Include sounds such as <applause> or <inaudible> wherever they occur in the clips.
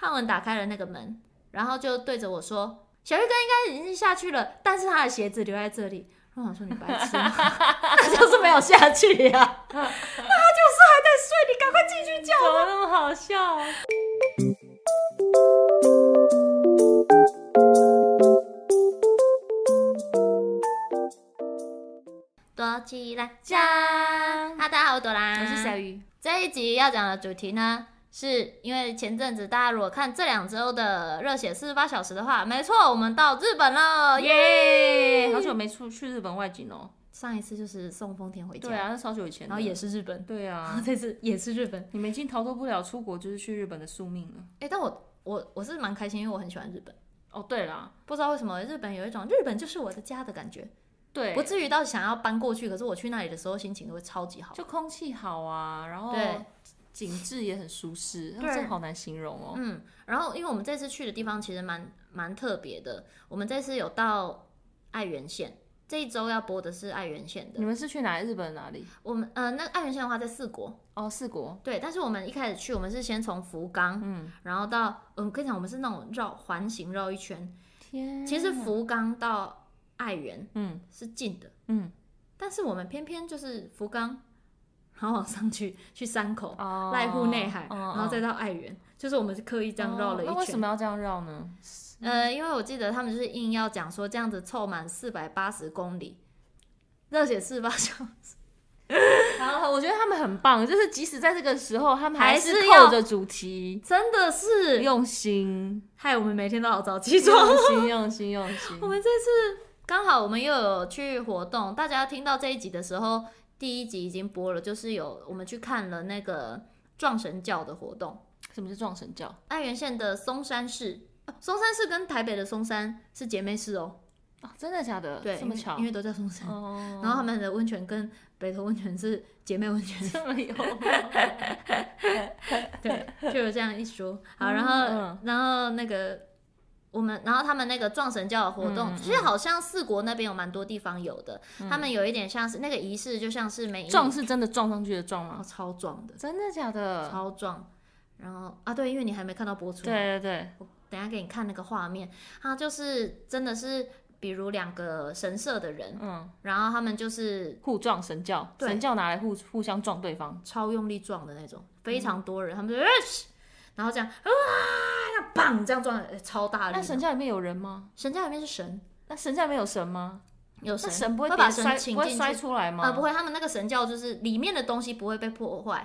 漢文打開了那個門，然後就對着我說：“小魚哥應該已經下去了，但是他的鞋子留在這裡。嗯”我說，你白痴嗎， <laughs> <laughs> 那就是沒有下去呀，啊，那他就是還在睡，你趕快進去叫。怎麼那麼好笑啊！躲起來，家，啊，大家好，我是朵拉，我是小魚。這一集要講的主題呢？是因為前陣子大家如果看這兩周的熱血四十八小時的話，沒錯，我們到日本了，耶！耶，好久沒出去日本外景哦，上一次就是送豐田回家，對啊，那超久以前，然後也是日本，對啊，這次也是日本， <laughs> 你們已經逃脫不了出國就是去日本的宿命了。哎、欸，但我我我是蠻開心，因為我很喜歡日本。哦，對啦，不知道為什麼日本有一種日本就是我的家的感覺，對，不至於到想要搬過去，可是我去那裡的時候心情都會超級好，就空氣好啊，然後，對景緻也很舒適，真的好難形容哦。嗯，然後因為我們這次去的地方其實蠻蠻特別的，我們這次有到愛媛縣。這一周要播的是愛媛縣的。你們是去哪裡？日本哪裡？我們呃，那個愛媛縣的話在四國。哦，四國。對，但是我們一開始去，我們是先從福岡，嗯，然後到，嗯，呃，可以講我們是那種繞環形繞一圈。天啊。其實福岡到愛媛，嗯，是近的，嗯，但是我們偏偏就是福岡。然後往上去，去山口、瀨、oh, 戶內海，oh, oh. 然後再到愛媛，就是我們就刻意這樣繞了一圈。Oh, 為什麼要這樣繞呢？呃，因為我記得他們就是硬要講說這樣子湊滿四百八十公里，熱血四十八小時 <laughs> 好，好，我覺得他們很棒，就是即使在這個時候，他們還是扣着主題，真的是用心，害我們每天都好早起床， <laughs> 用心，用心，用心。 <laughs> 我們這次剛好我們又有去活動，大家聽到這一集的時候。第一集已經播了，就是有我們去看了那個撞神教的活動。什麼是撞神教？愛媛縣的松山市、啊，松山市跟台北的松山是姐妹市哦。哦真的假的？對，這麼巧，因為,因為都叫松山、哦。然後他們的溫泉跟北投溫泉是姐妹溫泉。這麼有。 <laughs> <laughs> 對，就有這樣一說。好，然後、嗯、然後那個。我們然後他們那個撞神轎的活動，嗯、其實好像四國那邊有蠻多地方有的、嗯，他們有一點像是那個儀式，就像是每一撞，是真的撞上去的撞嗎？喔，超撞的，真的假的？超撞。然後啊，對，因為你還沒看到播出，對對對，我等下給你看那個畫面，他就是真的是，比如兩個神社的人，嗯，然後他們就是互撞神轎，對，神轎拿來互互相撞對方，超用力撞的那種，非常多人，嗯、他們就。欸然後這樣，哇，那棒，這樣撞的，欸、超大的。那神教裡面有人嗎？神教裡面是神，那神教裡面有神嗎？有神。那神不會，會把神請進去不會摔出來嗎，呃？不會，他們那個神教就是裡面的東西不會被破壞。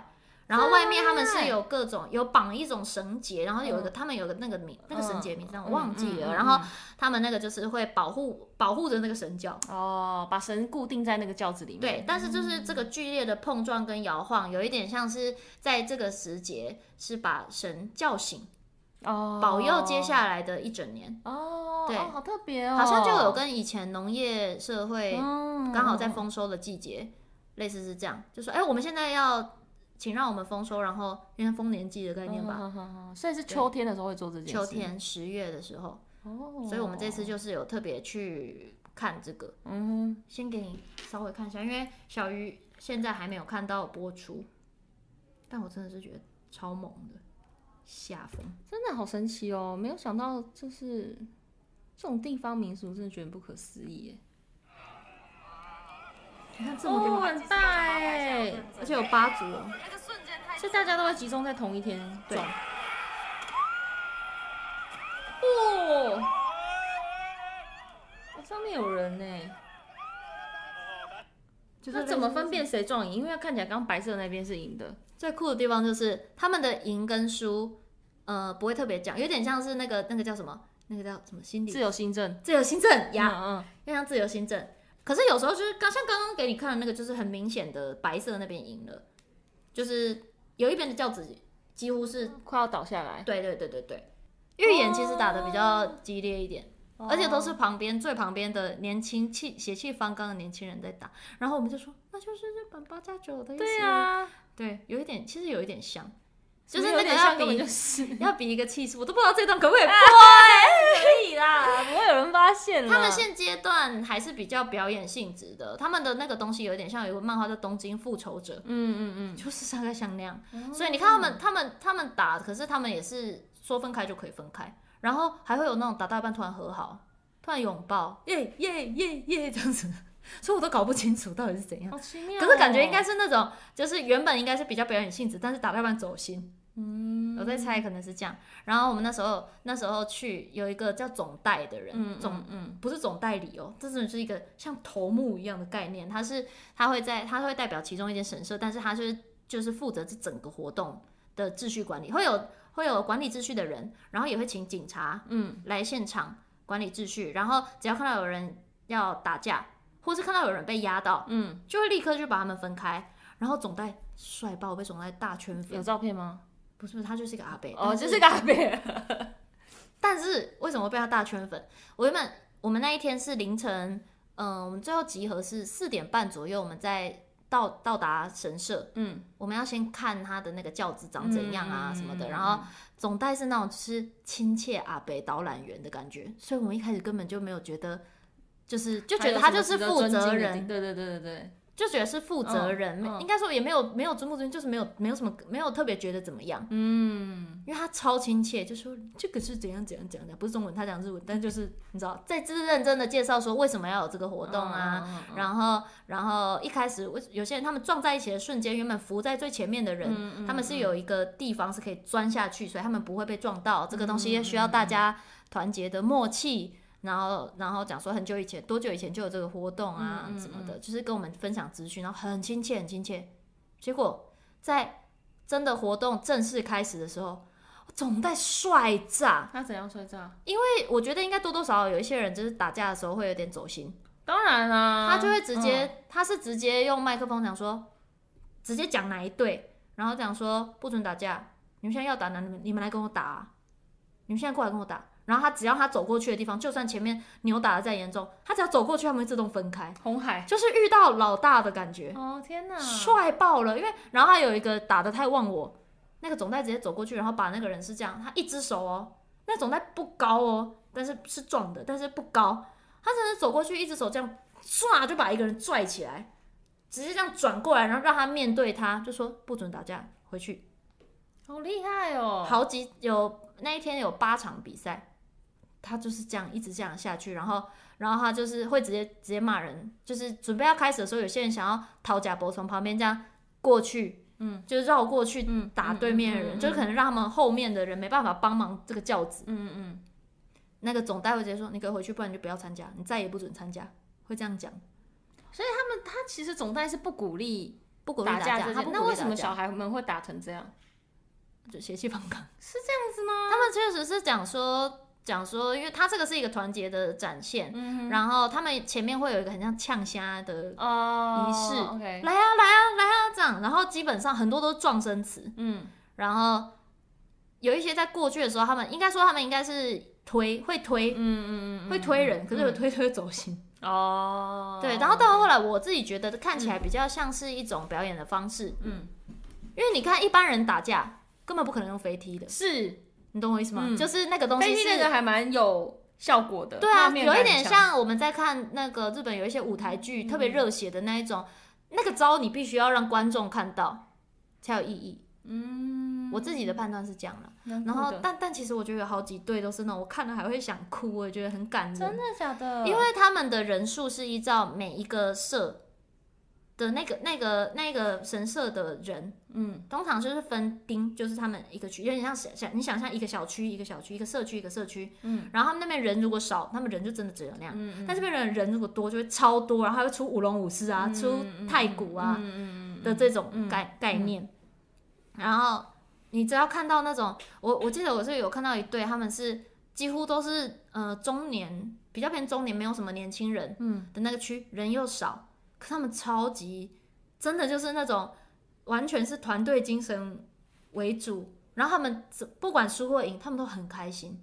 然後外面他們是有各種、嗯、有綁一種繩結，然後有一個、嗯、他們有一個那個名那個繩結名字、嗯、我忘記了、嗯嗯嗯。然後他們那個就是會保護保護着那個神轎哦，把神固定在那個轎子裡面。對、嗯，但是就是這個劇烈的碰撞跟搖晃，有一點像是在這個時節是把神叫醒哦，保佑接下來的一整年哦。對，哦、好特別哦，好像就有跟以前農業社會剛好在豐收的季節、哦、類似是這樣，就說哎、欸，我們現在要。請讓我們豐收，然後因為豐年祭的概念吧，oh, oh, oh, oh. 所以是秋天的時候會做這件事。秋天十月的時候，oh. 所以我們這次就是有特別去看這個。嗯、mm -hmm.，先給你稍微看一下，因為小煜現在還沒有看到播出，但我真的是覺得超猛的，下風真的好神奇哦，沒有想到就是這種地方民俗，真的覺得不可思議耶。你看這麼多哦，很大哎，而且有八組哦。是、那個、大家都會集中在同一天對撞。哦，上面有人呢、啊。那怎麼分辨誰撞贏？因為看起來剛剛白色那邊是贏的。最酷的地方就是他們的贏跟輸，呃，不會特別講，有點像是那個那個叫什麼，那個叫什麼心理。自由心證。自由心證，呀、要、嗯嗯、像自由心證。可是有時候就是剛像剛剛給你看的那個，就是很明顯的白色那邊贏了，就是有一邊的轎子幾乎是快要倒下來。嗯、對對對對對，預、哦、演其實打得比較激烈一點，哦、而且都是旁邊最旁邊的年輕氣血氣方剛的年輕人在打。然後我們就說，那就是日本八加九的意思。對啊，對，有一點其實有一點像。就是、那個、有點像比，比要比一個氣勢， <laughs> 我都不知道這段可不可以播，可以啦，不會有人發現。他們現階段還是比較表演性質的，他們的那個東西有點像有個漫畫叫《東京復仇者》嗯，嗯嗯嗯，就是大概像那樣、哦。所以你看他們、嗯，他們，他們打，可是他們也是說分開就可以分開，然後還會有那種打到一半突然和好，突然擁抱，耶耶耶耶這樣子。所以我都搞不清楚到底是怎樣，哦哦，可是感覺應該是那種，就是原本應該是比較表演性質，但是打到一半走心。嗯，我在猜可能是這樣。然後我們那時候那時候去有一個叫總代的人，嗯嗯總嗯，不是總代理哦，這只是一個像頭目一樣的概念。他是他會在他會代表其中一間神社，但是他是就是負、就是負責這整個活動的秩序管理，會有會有管理秩序的人，然後也會請警察嗯來現場管理秩序、嗯。然後只要看到有人要打架，或是看到有人被壓到，嗯，就會立刻就把他們分開。然後總代帥爆，被總代大圈粉。有照片嗎？不是，他就是一個阿伯哦，就是個阿伯 <laughs> 但是為什麼被他大圈粉？我原本我們那一天是凌晨，嗯，我們最後集合是四點半左右，我們在到到達神社，嗯，我們要先看他的那個轎子長怎樣啊、嗯、什麼的。然後總代是那種就是親切阿伯導覽員的感覺，所以我們一開始根本就沒有覺得，就是就覺得他就是負責人。對對對對對。就覺得是負責人，哦哦、應該說也沒有沒有尊不尊敬，就是沒有沒有什麼沒有特別覺得怎麼樣。嗯，因為他超親切，就說這個是怎樣怎樣怎樣講的，不是中文，他講日文，但就是你知道在自認真的介紹說為什麼要有這個活動啊，哦哦、然後然後一開始有些人他們撞在一起的瞬間，原本浮在最前面的人、嗯嗯，他們是有一個地方是可以鑽下去，所以他們不會被撞到。這個東西需要大家團結的默契。嗯嗯然後，然後講說很久以前，多久以前就有這個活動啊、嗯，什麼的，就是跟我們分享資訊，然後很親切，很親切。結果在真的活動正式開始的時候，我總在帥炸。那怎樣帥炸？因為我覺得應該多多少少有一些人，就是打架的時候會有點走心。當然啦。他就會直接、嗯，他是直接用麥克風講說，直接講哪一對，然後講說不准打架，你們現在要打，哪，你們你們來跟我打、啊，你們現在過來跟我打。然後他只要他走過去的地方，就算前面扭打的再嚴重，他只要走過去，他們會自動分開。紅海就是遇到老大的感覺。哦天哪，帥爆了！因為然後還有一個打的太忘我，那個總代直接走過去，然後把那個人是這樣，他一只手哦，那個、總代不高哦，但是是壯的，但是不高，他只是走過去，一只手這樣唰就把一個人拽起來，直接這樣轉過來，然後讓他面對他，就說不准打架，回去。好厲害哦！好幾有那一天有八場比賽。他就是這樣一直這樣下去，然後，然後他就是會直接直接罵人，就是準備要開始的時候，有些人想要討賈伯從旁邊這樣過去，嗯，就繞過去，打對面的人，嗯嗯嗯嗯，就可能讓他們後面的人沒辦法幫忙這個轎子，嗯嗯嗯，那個總代會直接說，你可以回去，不然你就不要參加，你再也不准參加，會這樣講。所以他們他其實總代是不鼓勵打架，不鼓勵打架，不鼓勵打架，那為什麼小孩們會打成這樣，就血氣方剛是這樣子嗎？他們確實是講說。講說，因為他這個是一個團結的展現，嗯，然後他們前面會有一個很像嗆蝦的儀式，oh, okay. 來啊，來啊，來啊，這樣，然後基本上很多都是狀聲詞，嗯，然後有一些在過去的時候，他們應該說他們應該是推會推，嗯嗯嗯，會推人，嗯，可是有推推走心哦，嗯 oh, okay. 對，然後到後來我自己覺得看起來比較像是一種表演的方式，嗯，嗯因為你看一般人打架根本不可能用飛踢的，是。你懂我意思嗎、嗯？就是那個東西是，還蠻有效果的。對啊，對，有一點像我們在看那個日本有一些舞台劇，特別熱血的那一種，嗯、那個招你必須要讓觀眾看到才有意義。嗯，我自己的判斷是這樣了。然後，但但其實我覺得有好幾對都是那種，我看了還會想哭，我覺得很感人。真的假的？因為他們的人數是依照每一個社。的那個、那個、那個神社的人，嗯，通常就是分丁，就是他們一個區，有點像想你想像，一個小區一個小區一個社區一個社區，嗯，然後他們那邊人如果少，他們人就真的只有那樣，嗯，嗯但這邊人人如果多就會超多，然後還會出舞龍舞獅啊、嗯，出太鼓啊、嗯、的這種概、嗯、概念，嗯嗯、然後你只要看到那種，我我記得我是有看到一對，他們是幾乎都是呃中年，比較偏中年，沒有什麼年輕人，嗯，的那個區人又少。他們超級真的就是那種完全是團隊精神為主，然後他們不管輸或贏，他們都很開心。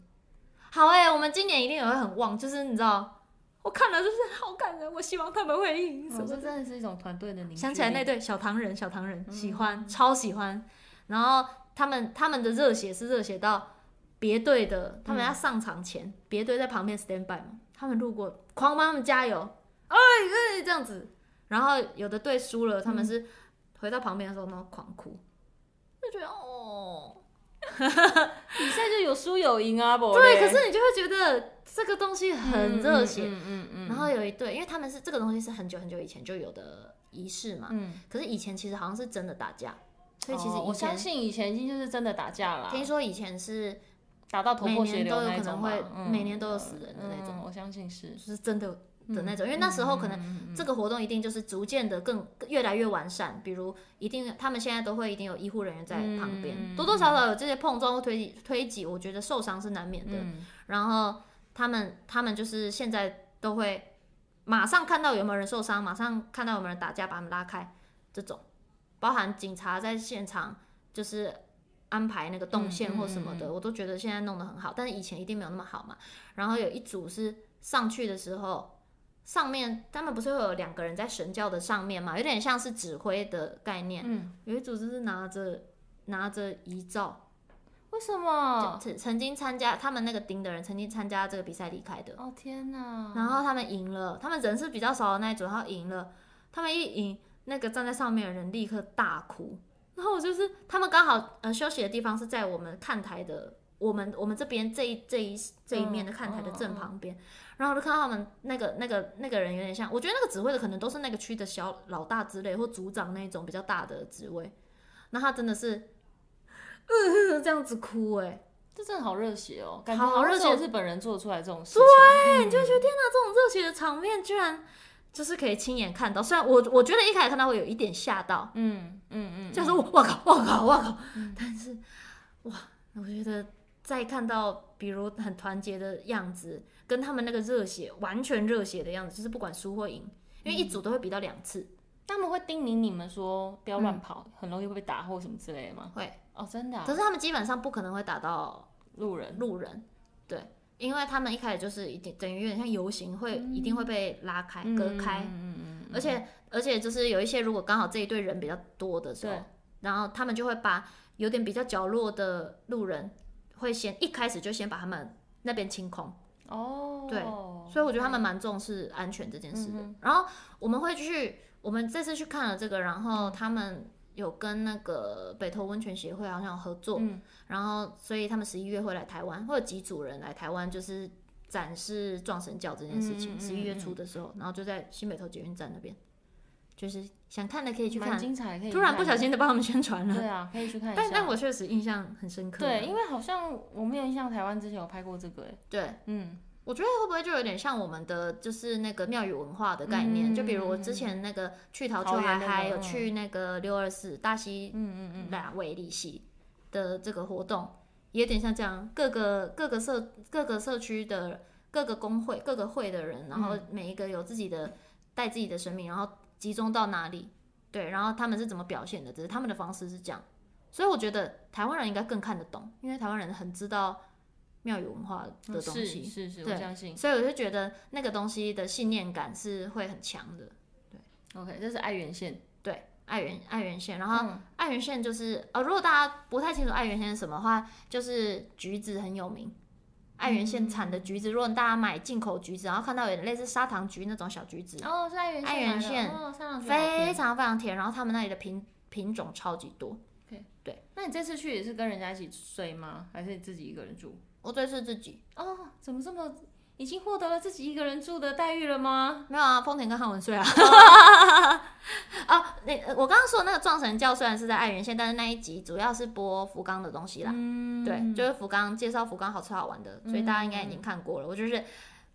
好欸，我們今年一定也會很旺，就是你知道，我看了就是好感人。我希望他們會贏。我說真的是一種團隊的凝聚。想起來那隊小唐人，小唐人嗯嗯，喜歡超喜歡。然後他們他們的熱血是熱血到別隊的，他們要上場前，嗯、別隊在旁邊 stand by 嘛，他們路過狂幫他們加油，哎，哎這樣子。然後有的隊輸了，他們是回到旁邊的時候那麼狂哭，嗯，就覺得哦，比 <laughs> 賽就有輸有贏啊。對，可是你就會覺得這個東西很熱血，嗯嗯嗯嗯嗯。然後有一隊，因為他們是這個東西是很久很久以前就有的儀式嘛，嗯。可是以前其實好像是真的打架，所以其實以，哦，我相信以前已經就是真的打架了。聽說以前是打到頭破血流那種嘛。嗯，每年都有死人的那種。哦，我相信是，就是真的的那種，因為那時候可能這個活動，一定就是逐漸的更越來越完善，比如一定他們現在都會一定有醫護人員在旁邊，多多少少有這些碰撞或推擠推擠，我覺得受傷是難免的。然後他們他們就是現在都會馬上看到有沒有人受傷，馬上看到有沒有人打架，把他們拉開。這種，包含警察在現場就是安排那個動線或什麼的，我都覺得現在弄得很好，但是以前一定沒有那麼好嘛。然後有一組是上去的時候。上面他們不是會有兩個人在神轎的上面嘛？有點像是指揮的概念。嗯，有一組就是拿着拿着遺照，為什麼曾曾經參加他們那個頂的人曾經參加這個比賽離開的？哦天哪，然後他們贏了，他們人是比較少的那一組，然後贏了。他們一贏，那個站在上面的人立刻大哭。然後我就是他們剛好呃休息的地方是在我們看台的我們我們這邊這這一這一，這一面的看台的正旁邊。嗯嗯然後我就看到他們那個、那個、那個人有點像，我覺得那個指揮的可能都是那個區的小老大之類或組長那種比較大的職位。那他真的是，嗯，這樣子哭，哎，這真的好熱血哦，感覺好熱血是日本人做出來這種事，對、嗯，你就覺得天哪，這種熱血的場面居然就是可以親眼看到。雖然我我覺得一開始看到會有一點嚇到，嗯嗯嗯，就、嗯、說我靠我靠我靠，靠，但是哇，我覺得。再看到比如很團結的樣子，跟他們那個熱血完全熱血的樣子，就是不管輸或贏，因為一組都會比到兩次、嗯，他們會叮嚀你們說不要亂跑、嗯，很容易會被打或什麼之類的嗎？會哦，真的、啊。可是他們基本上不可能會打到路人，路人，對，因為他們一開始就是一定等於有點像遊行，會、嗯、一定會被拉開、嗯、隔開，嗯嗯，嗯，嗯，而且而且就是有一些如果剛好這一隊人比較多的時候，然後他們就會把有點比較角落的路人。會先一開始就先把他們那邊清空哦，oh, 對，所以我覺得他們蠻重視安全這件事的。嗯、然後我們會去，我們這次去看了這個，然後他們有跟那個北投溫泉協會好像合作、嗯，然後所以他們十一月會來台灣，或者幾組人來台灣，就是展示撞神教這件事情。嗯嗯嗯嗯、十一月初的時候，然後就在新北投捷運站那邊。就是想看的可以去看，很精彩。可以突然不小心的幫他們宣傳了,了。對啊，可以去看一下。但但我確實印象很深刻、啊。對，因為好像我沒有印象台灣之前有拍過這個、欸、對，嗯，我覺得會不會就有點像我們的就是那個廟宇文化的概念、嗯？就比如我之前那個去桃丘嗨還有去那個六二四大溪，嗯嗯嗯，兩位歷溪的這個活動，嗯嗯嗯、也有點像這樣，各個各個社各個社區的各個工會各個會的人，然後每一個有自己的帶自己的神明、嗯，然後。集中到哪裡？對，然後他們是怎麼表現的？只是他們的方式是這樣，所以我覺得台灣人應該更看得懂，因為台灣人很知道廟宇文化的東西，嗯、是是是對，我相信。所以我就覺得那個東西的信念感是會很強的。對，OK，這是愛媛縣，對，愛媛愛媛縣，然後、嗯、愛媛縣就是呃、哦，如果大家不太清楚愛媛縣是什麼的話，就是橘子很有名。嗯、愛媛縣產的橘子，如果大家買進口橘子，然後看到有點類似砂糖橘那種小橘子，哦，是愛媛縣的，哦，砂糖橘，非常非常甜。然後他們那裡的品品種超級多，Okay. 對。那你這次去也是跟人家一起睡嗎？還是你自己一個人住？我這次自己。哦，怎麼這麼？已經獲得了自己一個人住的待遇了嗎？沒有啊，風田跟漢文睡啊。那、oh. <laughs> 啊、我剛剛說的那個撞神教雖然是在愛媛縣，但是那一集主要是播福岡的東西啦。Mm. 對，就是福岡介紹福岡好吃好玩的，所以大家應該已經看過了。Mm. 我就是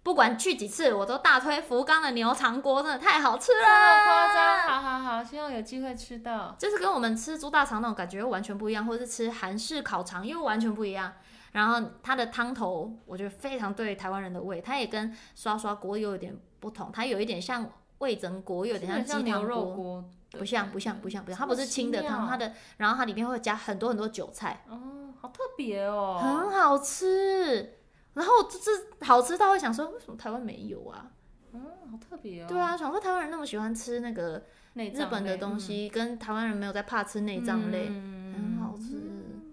不管去幾次，我都大推福岡的牛腸鍋，真的太好吃了，好誇張。好好好，希望有機會吃到。就是跟我們吃豬大腸那種感覺又完全不一樣，或是吃韓式烤腸又完全不一樣。然後它的湯頭，我覺得非常對台灣人的胃。它也跟刷刷鍋又有點不同，它有一點像味噌鍋又有點像雞像牛肉鍋，不像不像不像不像，不像不像不像它不是清的湯，它的然後它裡面會加很多很多韭菜。哦，好特別哦。很好吃，然後這、就是、好吃到會想說為什麼台灣沒有啊？嗯，好特別哦。對啊，想說台灣人那麼喜歡吃那個日本的東西、嗯，跟台灣人沒有在怕吃內臟類，嗯、很好吃、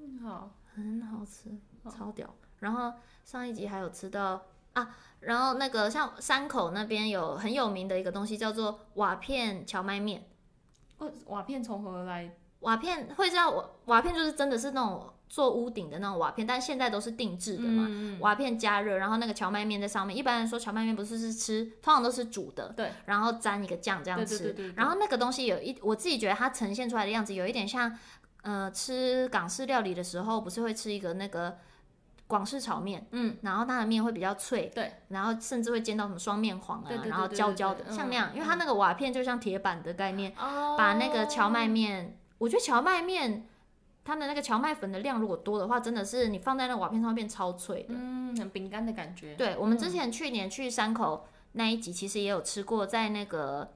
嗯，好，很好吃。超屌，然後上一集還有吃到啊，然後那個像山口那邊有很有名的一個東西叫做瓦片蕎麥麵，瓦片從何來？瓦片會知道瓦，瓦片就是真的是那種做屋頂的那種瓦片，但現在都是定制的嘛。嗯、瓦片加熱，然後那個蕎麥麵在上面。一般來說，蕎麥麵不是是吃，通常都是煮的。對，然後沾一個醬這樣吃。對對對對對然後那個東西有一，我自己覺得它呈現出來的樣子有一點像，呃，吃港式料理的時候不是會吃一個那個。廣式炒麵，嗯，然後它的麵會比較脆，對，然後甚至會煎到什麼雙面黃啊，對對對對對對，然後焦焦的，像那樣、嗯，因為它那個瓦片就像鐵板的概念，嗯、把那個蕎麥麵、哦，我覺得蕎麥麵它的那個蕎麥粉的量如果多的話，真的是你放在那個瓦片上會變超脆的，嗯，很餅乾的感覺。對，我們之前去年去山口、嗯、那一集，其實也有吃過，在那個。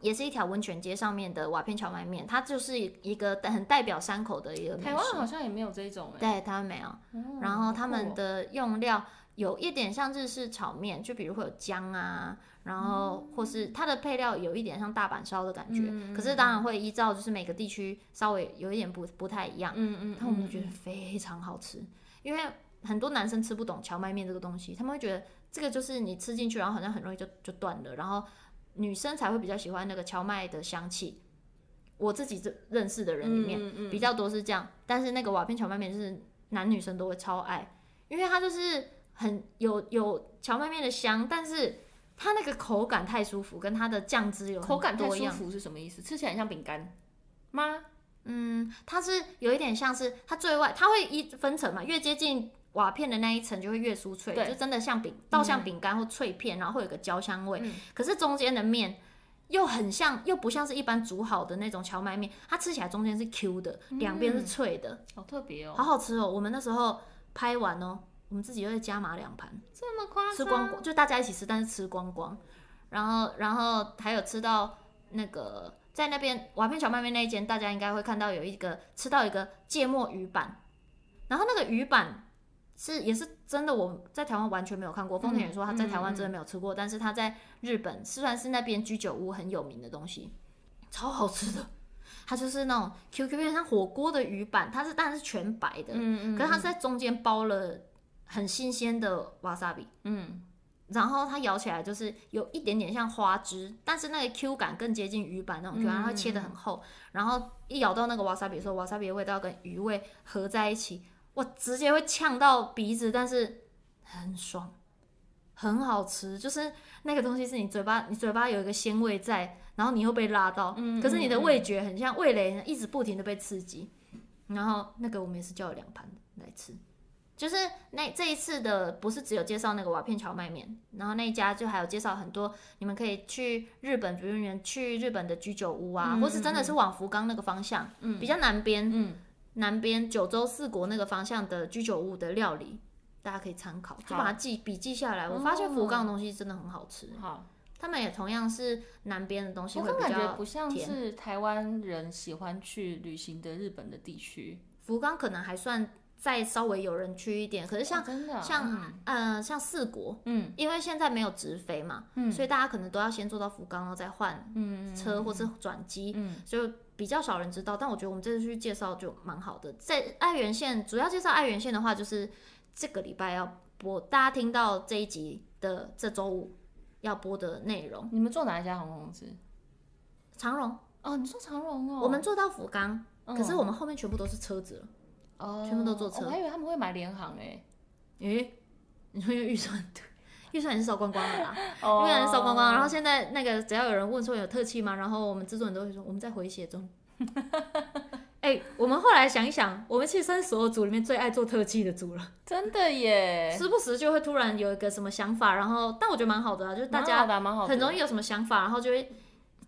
也是一條溫泉街上面的瓦片蕎麥麵，它就是一個很代表山口的一個。台灣好像也沒有這一種誒、欸。對，他們沒有、嗯。然後他們的用料有一點像日式炒麵，就比如會有薑啊，然後或是它的配料有一點像大阪燒的感覺、嗯。可是當然會依照就是每個地區稍微有一點不不太一樣。嗯嗯。但我們都覺得非常好吃、嗯嗯，因為很多男生吃不懂蕎麥麵這個東西，他們會覺得這個就是你吃進去，然後好像很容易就就斷了，然後。女生才會比較喜歡那個蕎麥的香氣，我自己這認識的人裡面比較多是這樣。但是那個瓦片蕎麥麵就是男女生都會超愛，因為它就是很有有蕎麥麵的香，但是它那個口感太舒服，跟它的醬汁有一樣、嗯、口感太舒服是什麼意思？吃起來很像餅乾嗎？嗯，它是有一點像是它最外它會一分層嘛，越接近。瓦片的那一層就會越酥脆，就真的像餅，倒像餅乾或脆片、嗯，然後會有一個焦香味。嗯、可是中間的麵又很像，又不像是一般煮好的那種蕎麥麵，它吃起來中間是 Q 的，兩、嗯、邊是脆的，好特別哦，好好吃哦。我們那時候拍完哦，我們自己又會加碼兩盤，這麼誇張？吃光光，就大家一起吃，但是吃光光，然後然後還有吃到那個在那邊瓦片蕎麥麵那一間，大家應該會看到有一個吃到一個芥末魚板，然後那個魚板。是，也是真的。我在台灣完全沒有看過。豐田也說他在台灣真的沒有吃過，嗯嗯、但是他在日本、嗯，雖然是那邊居酒屋很有名的東西，超好吃的。它就是那種 QQ 片，像火鍋的魚板，它是但是是全白的，嗯嗯、可是它是在中間包了很新鮮的瓦薩比，嗯，然後它咬起來就是有一點點像花枝，但是那個 Q 感更接近魚板那種 Q 感，然後切得很厚、嗯，然後一咬到那個瓦薩比的時候，瓦薩比的味道跟魚味合在一起。我直接會嗆到鼻子，但是很爽，很好吃。就是那個東西是你嘴巴，你嘴巴有一個鮮味在，然後你又被辣到。嗯嗯嗯嗯可是你的味覺很像味蕾，一直不停的被刺激。然後那個我們也是叫了兩盤來吃。就是那這一次的不是只有介紹那個瓦片蕎麥麵，然後那一家就還有介紹很多。你們可以去日本，比如去日本的居酒屋啊，嗯嗯嗯或是真的是往福岡那個方向，嗯，比較南邊。嗯南邊九州四國那個方向的居酒屋的料理，大家可以參考，就把它記筆記下來。我發現福岡的東西真的很好吃。嗯。好，他們也同樣是南邊的東西會比較。我感覺不像是台灣人喜歡去旅行的日本的地區。福岡可能還算再稍微有人去一點，可是像、哦啊、像、嗯、呃像四國，嗯，因為現在沒有直飛嘛，嗯，所以大家可能都要先坐到福岡，然後再換車或者轉機，嗯，就、嗯。嗯嗯所以比較少人知道，但我覺得我們這次去介紹就蠻好的。在愛媛縣，主要介紹愛媛縣的話，就是這個禮拜要播，大家聽到這一集的這周五要播的內容。你們坐哪一家航空公司？長榮。哦，你說長榮哦。我們坐到福岡、嗯，可是我們後面全部都是車子哦、嗯，全部都坐車、哦。我還以為他們會買聯航誒，誒、欸，你說有預算的。 <laughs> 預算也是燒光光的啦，預算也是燒光光。然後現在那個，只要有人問說有特技嗎？然後我們制作人都會說我們在回血中。哎、 <laughs> 欸，我們後來想一想，我們其實是所有組裡面最愛做特技的組了，真的耶！時不時就會突然有一個什麼想法，然後但我覺得蠻好的啊，就是大家、蠻好、蠻好、很容易有什麼想法，然後就會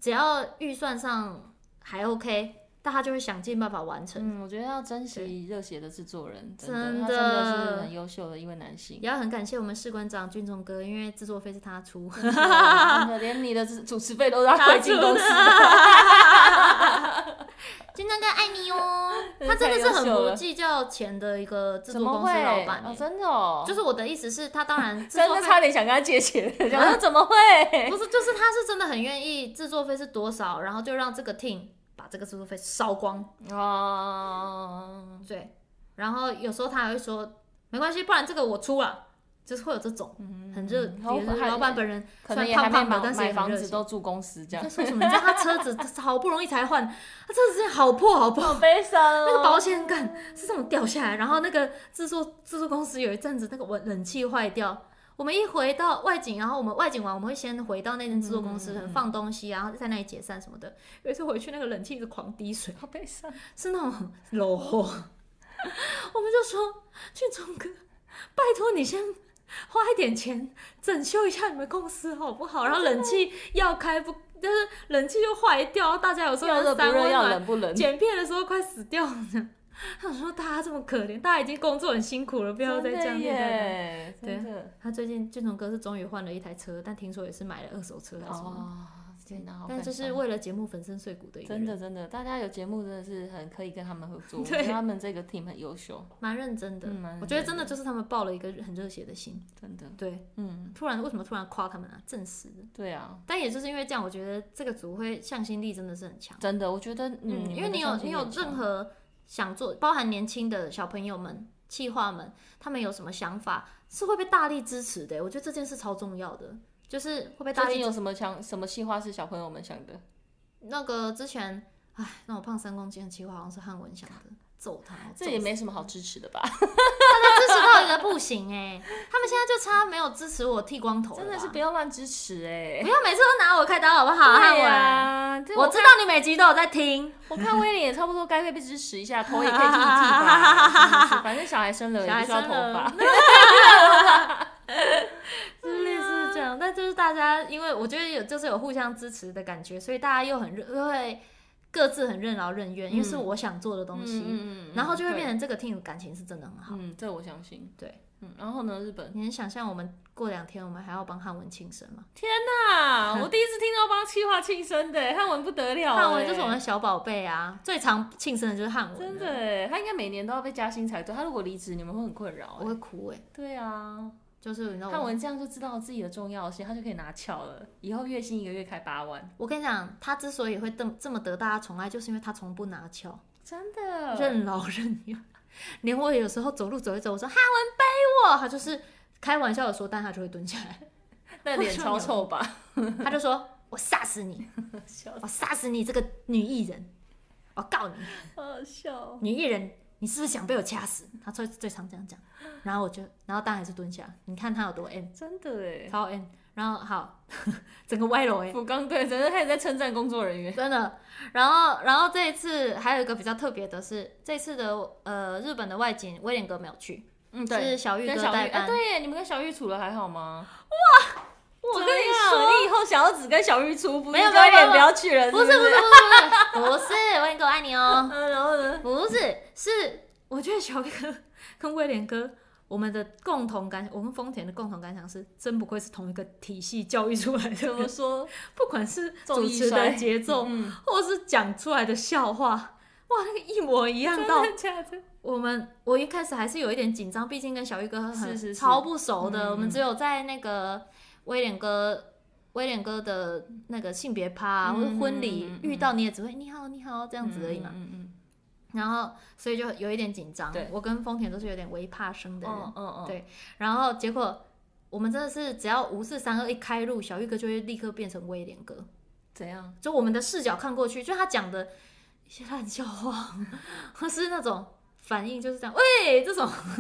只要預算上還 OK。但他就會想盡辦法完成。嗯，我覺得要珍惜熱血的制作人，真的，真的是很優秀的一位男性。也要很感謝我們士官長俊宗哥，因為制作費是他出，真 <laughs> 的他出 <laughs> 連你的主持費都讓他歸進公司的。俊宗哥愛你哦，他真的是很不計較錢的一個制作公司老板，哦，真的。哦，就是我的意思是他，當然真的 <laughs> 差點想跟他借錢。啊？ <laughs> 怎麼會？ <laughs> 不是，就是他是真的很願意制作費是多少，然後就讓這個 team。把這個住宿費燒光哦。Oh. 對，然後有時候他還會說沒關係，不然這個我出了，就是會有這種、mm -hmm. 很熱。老板、oh, 本,本人可能也害吧，但是也買房子都住公司這樣。 <laughs> 他說什麼？你知道他車子好不容易才換， <laughs> 他車子好破好破。好、哦？好悲傷。那個保險桿是這麼掉下來，然後那個制作制 <laughs> 作公司有一陣子那個冷氣壞掉。我們一回到外景，然後我們外景完，我們會先回到那間製作公司，可能放東西，然後在那裡解散什麼的。嗯嗯嗯、有一次回去那個冷氣一直狂滴水，好悲傷。是那種冷貨，我們就說 <laughs> 去中哥，拜託你先花一點錢整修一下你們公司好不好？然後冷氣要開不，就 <laughs> 是冷氣又壞掉，大家有時候要熱不熱，要冷不冷，剪片的時候快死掉了。他說：“大家這麼可憐，大家已經工作很辛苦了，不要再這樣。”真的耶，對，真的。他最近俊雄哥是終於換了一台車，但聽說也是買了二手車真的，哦，但就是為了節目粉身碎骨的一。真的，真的，大家有節目真的是很可以跟他們合作，對他們這個 team 很優秀，嗯，蠻認真的。我覺得真的就是他們抱了一個很熱血的心。真的，對，嗯。突然，為什麼突然誇他們啊？正式對啊，但也就是因為這樣，我覺得這個組會向心力真的是很強。真的，我覺得，嗯，因為你有，嗯，你，因為你有任何。想做包含年輕的小朋友們企劃們，他們有什麼想法是會被大力支持的。我覺得這件事超重要的，就是會被大力支持。大家有什麼想什麼企劃是小朋友們想的？那個之前，哎，讓我胖三公斤的企劃好像是漢文想的。揍他，他，這也沒什麼好支持的吧？他那支持到一個不行哎、欸， <laughs> 他們現在就差沒有支持我剃光頭，真的是不要亂支持哎、欸！不要每次都拿我開刀好不好，啊文我，我知道你每集都有在聽，我看威廉也差不多該會被支持一下，頭 <laughs> 也可以進去剃吧。 <laughs> 反正小孩生了也，小孩生頭髮，就 <laughs> 是類似這樣，但就是大家，因為我覺得有就是有互相支持的感覺，所以大家又很熱，又會各自很任勞任怨，嗯，因為是我想做的東西，嗯嗯嗯，然後就會變成這個 team 感情，是真的很好。嗯，這我相信。對，嗯，然後呢，日本，你能想象我們過兩天我們還要幫漢文慶生嗎？天哪，啊！我第一次聽到幫企劃慶生的漢 <laughs> 文不得了漢文就是我們的小寶貝啊，最常慶生的就是漢文。真的，他應該每年都要被加薪才對。他如果離職，你們會很困擾。我會哭，對啊。就是你知道看文這樣就知道自己的重要性，他就可以拿翹了。以後月薪一個月開八萬。我跟你講，他之所以會這麼這麼得大家寵愛，就是因為他從不拿翹，真的、哦，任勞任怨。連我有時候走路走一走，我說韓文背我，他就是開玩笑的時候，但他就會蹲下來，那 <laughs> 臉超臭吧？他就說我殺死你， <laughs> 我殺死你這個女藝人，我告你，好笑。女藝人，你是不是想被我掐死？他最最常這樣講。然後我就，然後當然還是蹲下，你看他有多 M，真的哎，超 M。然後好，整個歪樓哎。福岡對，真的還在稱讚工作人員，真的。然後，然後這一次還有一個比較特別的是，這一次的呃日本的外景，威廉哥沒有去，嗯對，是小煜哥代班。對，你們跟小煜處的還好嗎？哇，我跟你說，你以後想要只跟小煜出不要威廉，不要去人不是不是 <laughs> 不是，不是威廉哥愛你哦。然後呢？不是，是我覺得小煜哥。跟威廉哥，我們的共同感，我們跟風田的共同感想是，真不愧是同一個體系教育出來的。怎麼說？不管是主持的節奏、嗯，或是講出來的笑話、嗯，哇，那個一模一樣到。真的假的我們我一開始還是有一點緊張，畢竟跟小煜哥很是是是超不熟的、嗯。我們只有在那個威廉哥威廉哥的那個性別趴、嗯、或者婚禮、嗯嗯、遇到，你也只會你好你好這樣子而已嘛。嗯嗯。嗯然後，所以就有一點緊張。對，我跟風田都是有點微怕生的人。嗯嗯。對，然後結果我們真的是只要五四三二一開路，小煜哥就會立刻變成威廉哥。怎樣？就我們的視角看過去，就他講的一些爛笑話，或 <laughs> 是那種反應就是這樣。喂，這種 <laughs> <laughs> <laughs>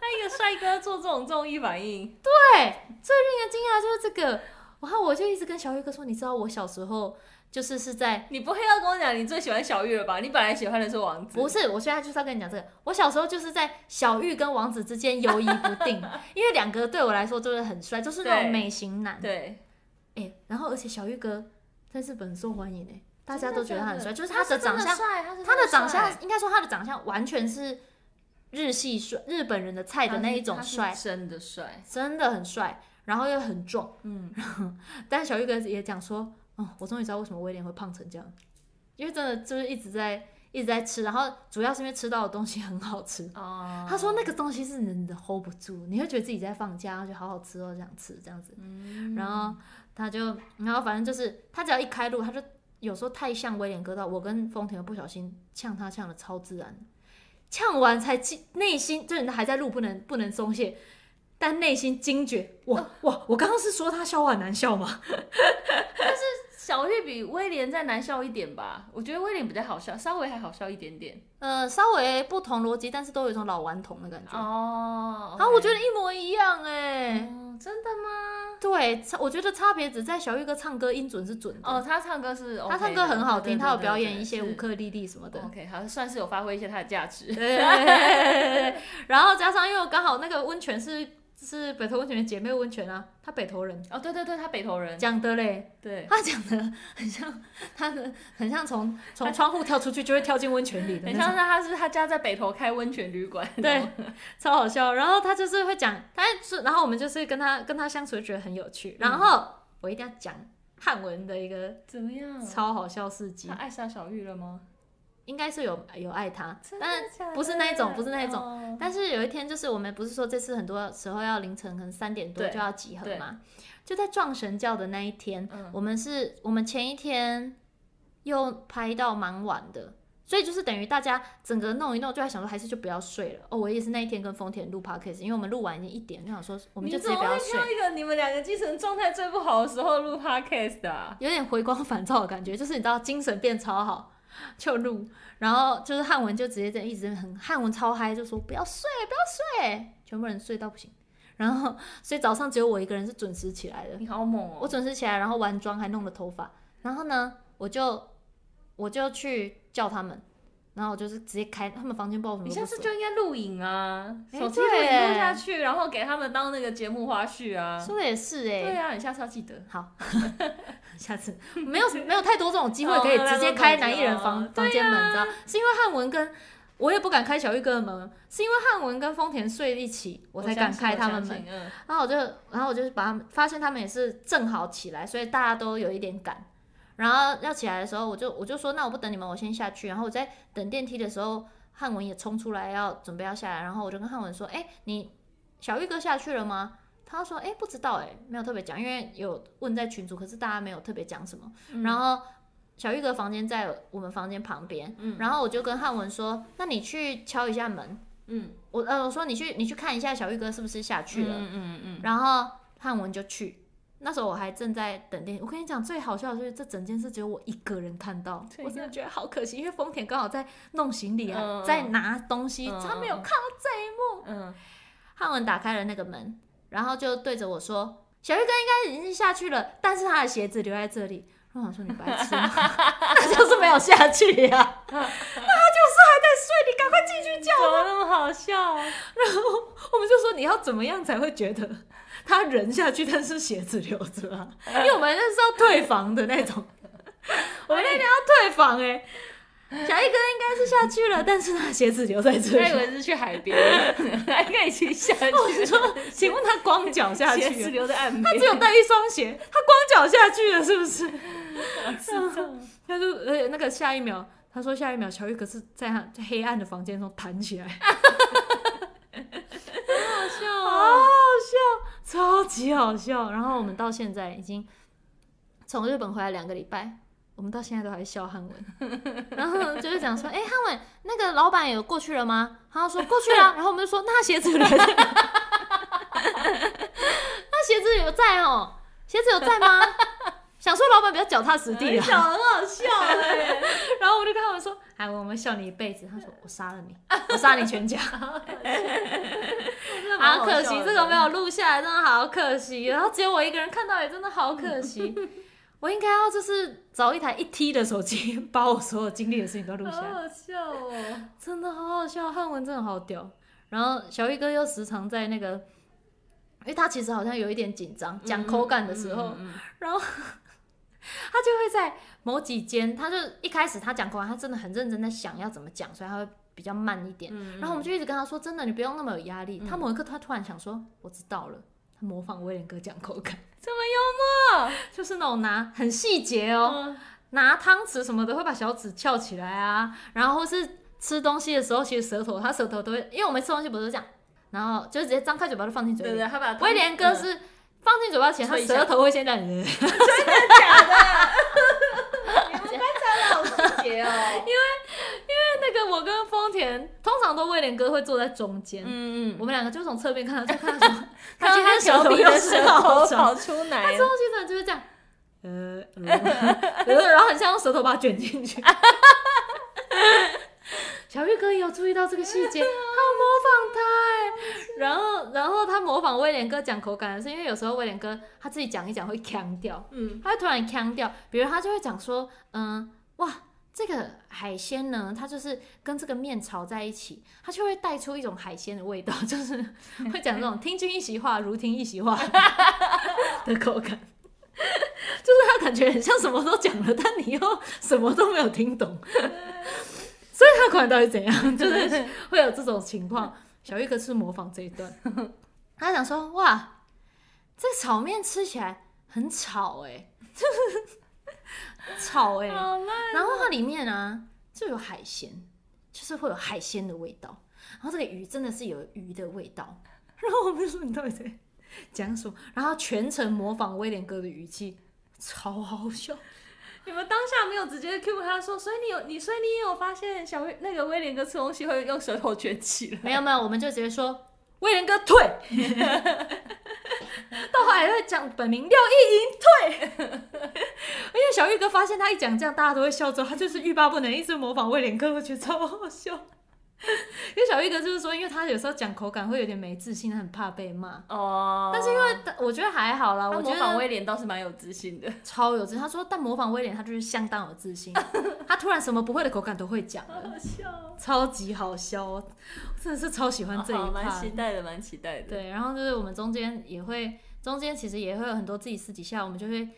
那一個帥哥做這種綜藝反應，對，最令人驚訝就是這個。然後我就一直跟小煜哥說，你知道我小時候。就是是在，你不會要跟我講你最喜歡小煜了吧？你本來喜歡的是王子。不是，我現在就是要跟你講這個。我小時候就是在小煜跟王子之間遊移不定， <laughs> 因為兩個對我來說就是很帥，就是那種美型男。對。哎、欸，然後而且小煜哥在日本受歡迎，欸、大家都覺得他很帥，就是他的長相，他，的，他，的，他的長相應該說他的長相完全是日系帥，日本人的菜的那一種帥，真的帥，真的很帥，然後又很壯，嗯。但小煜哥也講說。哦，我終於知道為什麼威廉會胖成這樣，因為真的就是一直在一直在吃，然後主要是因為吃到的東西很好吃。哦、oh.，他說那個東西是人的 hold 不住，你會覺得自己在放假，覺就好好吃、哦，然後想吃這樣子。Mm. 然後他就，然後反正就是他只要一開錄，他就有時候太像威廉哥到我跟風田不小心嗆他嗆得超自然，嗆完才內心，就是還在錄不能不能鬆懈，但內心驚覺，哇哇，oh. 我剛剛是說他笑話難笑嗎？ <laughs> 但是。小玉比威廉再難笑一點吧，我覺得威廉比較好笑，稍微還好笑一點點。呃，稍微不同邏輯，但是都有一種老頑童的感覺。哦，啊，我覺得一模一樣哎、欸。Oh, 真的嗎？對，我覺得差別只在小玉哥唱歌音準是準的。哦、oh,，他唱歌是、okay，他唱歌很好聽，他有表演一些烏克麗麗什麼的。OK，好，算是有發揮一些他的價值。 <laughs> <laughs> <laughs> 然後加上因為我剛好那個溫泉是。是北投溫泉的姐妹溫泉啊，她北投人哦，對對對，她北投人講的嘞，對，她講的很像，她的很像從從窗戶跳出去就會跳進溫泉裡的， <laughs> 很像是她是她家在北投開溫泉旅館，對，超好笑，然後她就是會講，她是然後我們就是跟她跟她相處就覺得很有趣，然後、嗯、我一定要講漢文的一個怎麼樣，超好笑事蹟。她愛上小煜了嗎？應該是有有愛他，但不是那一種，真的假的？不是那一種。但是有一天，就是我們不是說這次很多時候要凌晨可能三點多就要集合嘛？就在撞神教的那一天，嗯，我們是，我們前一天又拍到蠻晚的，所以就是等於大家整個弄一弄，就在想說還是就不要睡了。哦，我也是那一天跟豐田錄 podcast，因為我們錄完已經一點，就想說我們就直接不要睡。你，怎麼會挑一個你們兩個精神狀態最不好的時候錄 podcast 的啊，有點回光返照的感覺，就是你知道精神變超好。就錄，然後就是漢文就直接在一直在很漢文超嗨，就說不要睡，不要睡，全部人睡到不行，然後所以早上只有我一個人是準時起來的。你好猛哦！我準時起來，然後完妝還弄了頭髮，然後呢，我就我就去叫他們。然後我就是直接開他們房間門。你下次就應該錄影啊，手機錄下去，欸，然後給他們當那個節目花絮啊。說的也是哎，對啊，你下次要記得。好， <laughs> 下次沒有沒有太多這種機會可以直接開男藝人房中，哦哦，間門，啊，你知道？是因為漢文跟我也不敢開小煜哥的門，是因為漢文跟豐田睡一起，我才敢開他們門，嗯。然後我就然後我就把他們發現他們也是正好起來，所以大家都有一點趕。嗯然後要起來的時候我，我就我就說，那我不等你們，我先下去。然後我在等電梯的時候，漢文也衝出來要準備要下來。然後我就跟漢文說，哎、欸，你小煜哥下去了嗎？他說，哎、欸，不知道，哎，沒有特別講，因為有問在群組，可是大家沒有特別講什麼。嗯、然後小煜哥房間在我們房間旁邊、嗯，然後我就跟漢文說，那你去敲一下門，嗯，我呃我說你去你去看一下小煜哥是不是下去了，嗯嗯嗯。然後漢文就去。那時候我還正在等電梯，我跟你講最好笑的就是這整件事只有我一個人看到，我真的覺得好可惜，因為風田剛好在弄行李，嗯，在拿東西，他沒有看到這一幕。漢、嗯、文、嗯、打開了那個門，然後就對着我說：“小煜哥應該已經下去了，但是他的鞋子留在這裡。”我想說你白痴嗎？他 <laughs> <laughs> 就是沒有下去呀，那他就是還在睡，你趕快進去叫。怎麼那麼好笑啊？ <laughs> 然後我們就說，你要怎麼樣才會覺得他人下去，但是鞋子留着啊？因為我們那是要退房的那種，我們那天要退房哎、欸。小煜哥應該是下去了，但是他鞋子留在這裡。他以為是去海邊， <laughs> <laughs> 他應該已經下去了。我是說，請問他光腳下去？鞋子留在岸邊。他只有帶一雙鞋，他光腳下去了，是不是？是。 <laughs> 他說：“呃，那個下一秒，他說下一秒，小煜哥是在他在黑暗的房間中彈起來。 <laughs> ”很好笑啊、哦！好好笑，超級好笑。然後我們到現在已經從日本回來兩個禮拜。我們到現在都還笑漢文， <laughs> 然後就是講說，哎、欸，漢文那個老闆有過去了嗎？然後他說過去了、啊。」然後我們就說那鞋子呢？ <laughs> <laughs> 那鞋子有在哦、喔？鞋子有在嗎？ <laughs> 想說老闆比較腳踏實地啊，很好笑。 <laughs> 然後我就跟他們說，哎，我們笑你一輩子。他說我殺了你， <laughs> 我殺你全家 <laughs> <laughs> 好。好可惜， <laughs> 這個沒有錄下來，真的好可惜。 <laughs> 然後只有我一個人看到，也真的好可惜。 <laughs> 我應該要就是找一台一 T 的手機，把我所有經歷的事情都錄下來、嗯。好好笑哦， <laughs> 真的好好笑。漢文真的好屌，然後小煜哥又時常在那個，因為他其實好像有一點緊張，講、嗯、口感的時候，嗯嗯嗯、然後他就會在某幾間，他就一開始他講口感，他真的很認真在想要怎麼講，所以他會比較慢一點、嗯。然後我們就一直跟他說，真的你不用那麼有壓力、嗯。他某一刻他突然想說，我知道了，他模仿威廉哥講口感。這麼幽默，就是那種拿很細節哦，拿湯匙什麼的會把小指翹起來啊，然後是吃東西的時候，其實舌頭他舌頭都會，因為我們吃東西不是這樣，然後就是直接張開嘴巴就放進嘴巴。對對，威廉哥是放進嘴巴前、嗯、他舌頭會先忍忍。嗯、 <laughs> <laughs> 真的假的？ <laughs> <laughs> 你們觀察的好細節哦。 <laughs> 因為我跟豐田通常都威廉哥會坐在中間，嗯嗯，我們兩個就從側邊看，就看他， <laughs> 看到他小鼻，的舌頭跑出來他中間就是這樣， <laughs> 呃，然、呃、後、 <laughs> 呃、然後很像用舌頭把它捲進去， <laughs> 小煜哥也有注意到這個細節， <laughs> 他模仿他、欸， <laughs> 然後然後他模仿威廉哥講口感是，是因為有時候威廉哥他自己講一講會鏘掉，嗯，他會突然鏘掉，比如他就會講說，嗯，哇。這個海鮮呢，它就是跟這個麵炒在一起，它就會帶出一種海鮮的味道，就是會講這種“聽君一席話，如聽一席話”的口感， <laughs> 就是它感覺很像什麼都講了，但你又什麼都沒有聽懂，所以它管到底怎樣，就是會有這種情況。 <laughs> 小煜哥是模仿這一段，他 <laughs> 想說：“哇，這炒麵吃起來很炒哎、欸。 <laughs> ”草哎、欸，然後它裡面啊，就有海鮮，就是會有海鮮的味道。然後這個魚真的是有魚的味道。然後我們就說你到底在講什麼？然後全程模仿威廉哥的語氣，超好笑。你們當下沒有直接 cue 他說，所以你有你，所以你有發現小威那個威廉哥吃東西會用舌頭卷起來？沒有沒有，我們就直接說。威廉哥退， <laughs> <laughs> 到後來會講本名廖一瑩退， <laughs> 因為小煜哥發現他一講這樣，大家都會笑，之後他就是欲罷不能，一直模仿威廉哥，我覺得超好笑。 <laughs> 因為小煜哥就是說，因為他有時候講口感會有點沒自信，很怕被罵。哦、oh,，但是因為我覺得還好啦，我，覺得我模仿威廉倒是蠻有自信的，超有自信。他說，但模仿威廉他就是相當有自信。 <laughs> 他突然什麼不會的口感都會講了，好，好笑，超級好笑，真的是超喜歡這一趴，蠻期待的，蠻期待的。對，然後就是我們中間也會，中間其實也會有很多自己私底下，我們就會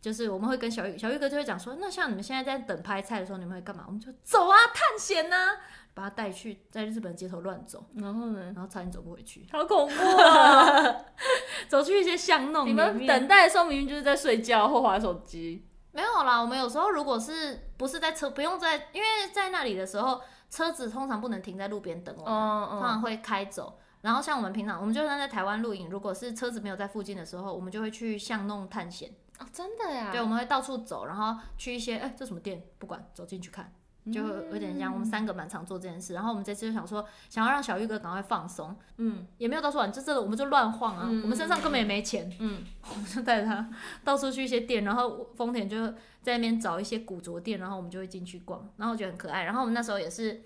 就是我們會跟小煜小煜哥就會講說，那像你們現在在等拍菜的時候，你們會幹嘛？我們就走啊，探險吶、啊。把他帶去在日本街頭亂走，然後呢？然後差點走不回去，好恐怖啊、哦！ <laughs> 走去一些巷弄。你們等待的時候明明就是在睡覺或滑手機。沒有啦，我們有時候如果是不是在車，不用在，因為在那裡的時候，車子通常不能停在路邊等我們，哦、通常會開走、哦哦。然後像我們平常，我們就算在台灣露營，如果是車子沒有在附近的時候，我們就會去巷弄探險啊、哦！真的呀？對，我們會到處走，然後去一些哎，這什麼店？不管，走進去看。就有點像我們三個蠻常做這件事、嗯，然後我們這次就想說，想要讓小煜哥趕快放鬆，嗯，也沒有到處玩，就這次我們就亂晃啊、嗯，我們身上根本也沒錢，嗯，嗯我們就帶他到處去一些店，然後豐田就在那邊找一些古着店，然後我們就會進去逛，然後我覺得很可愛，然後我們那時候也是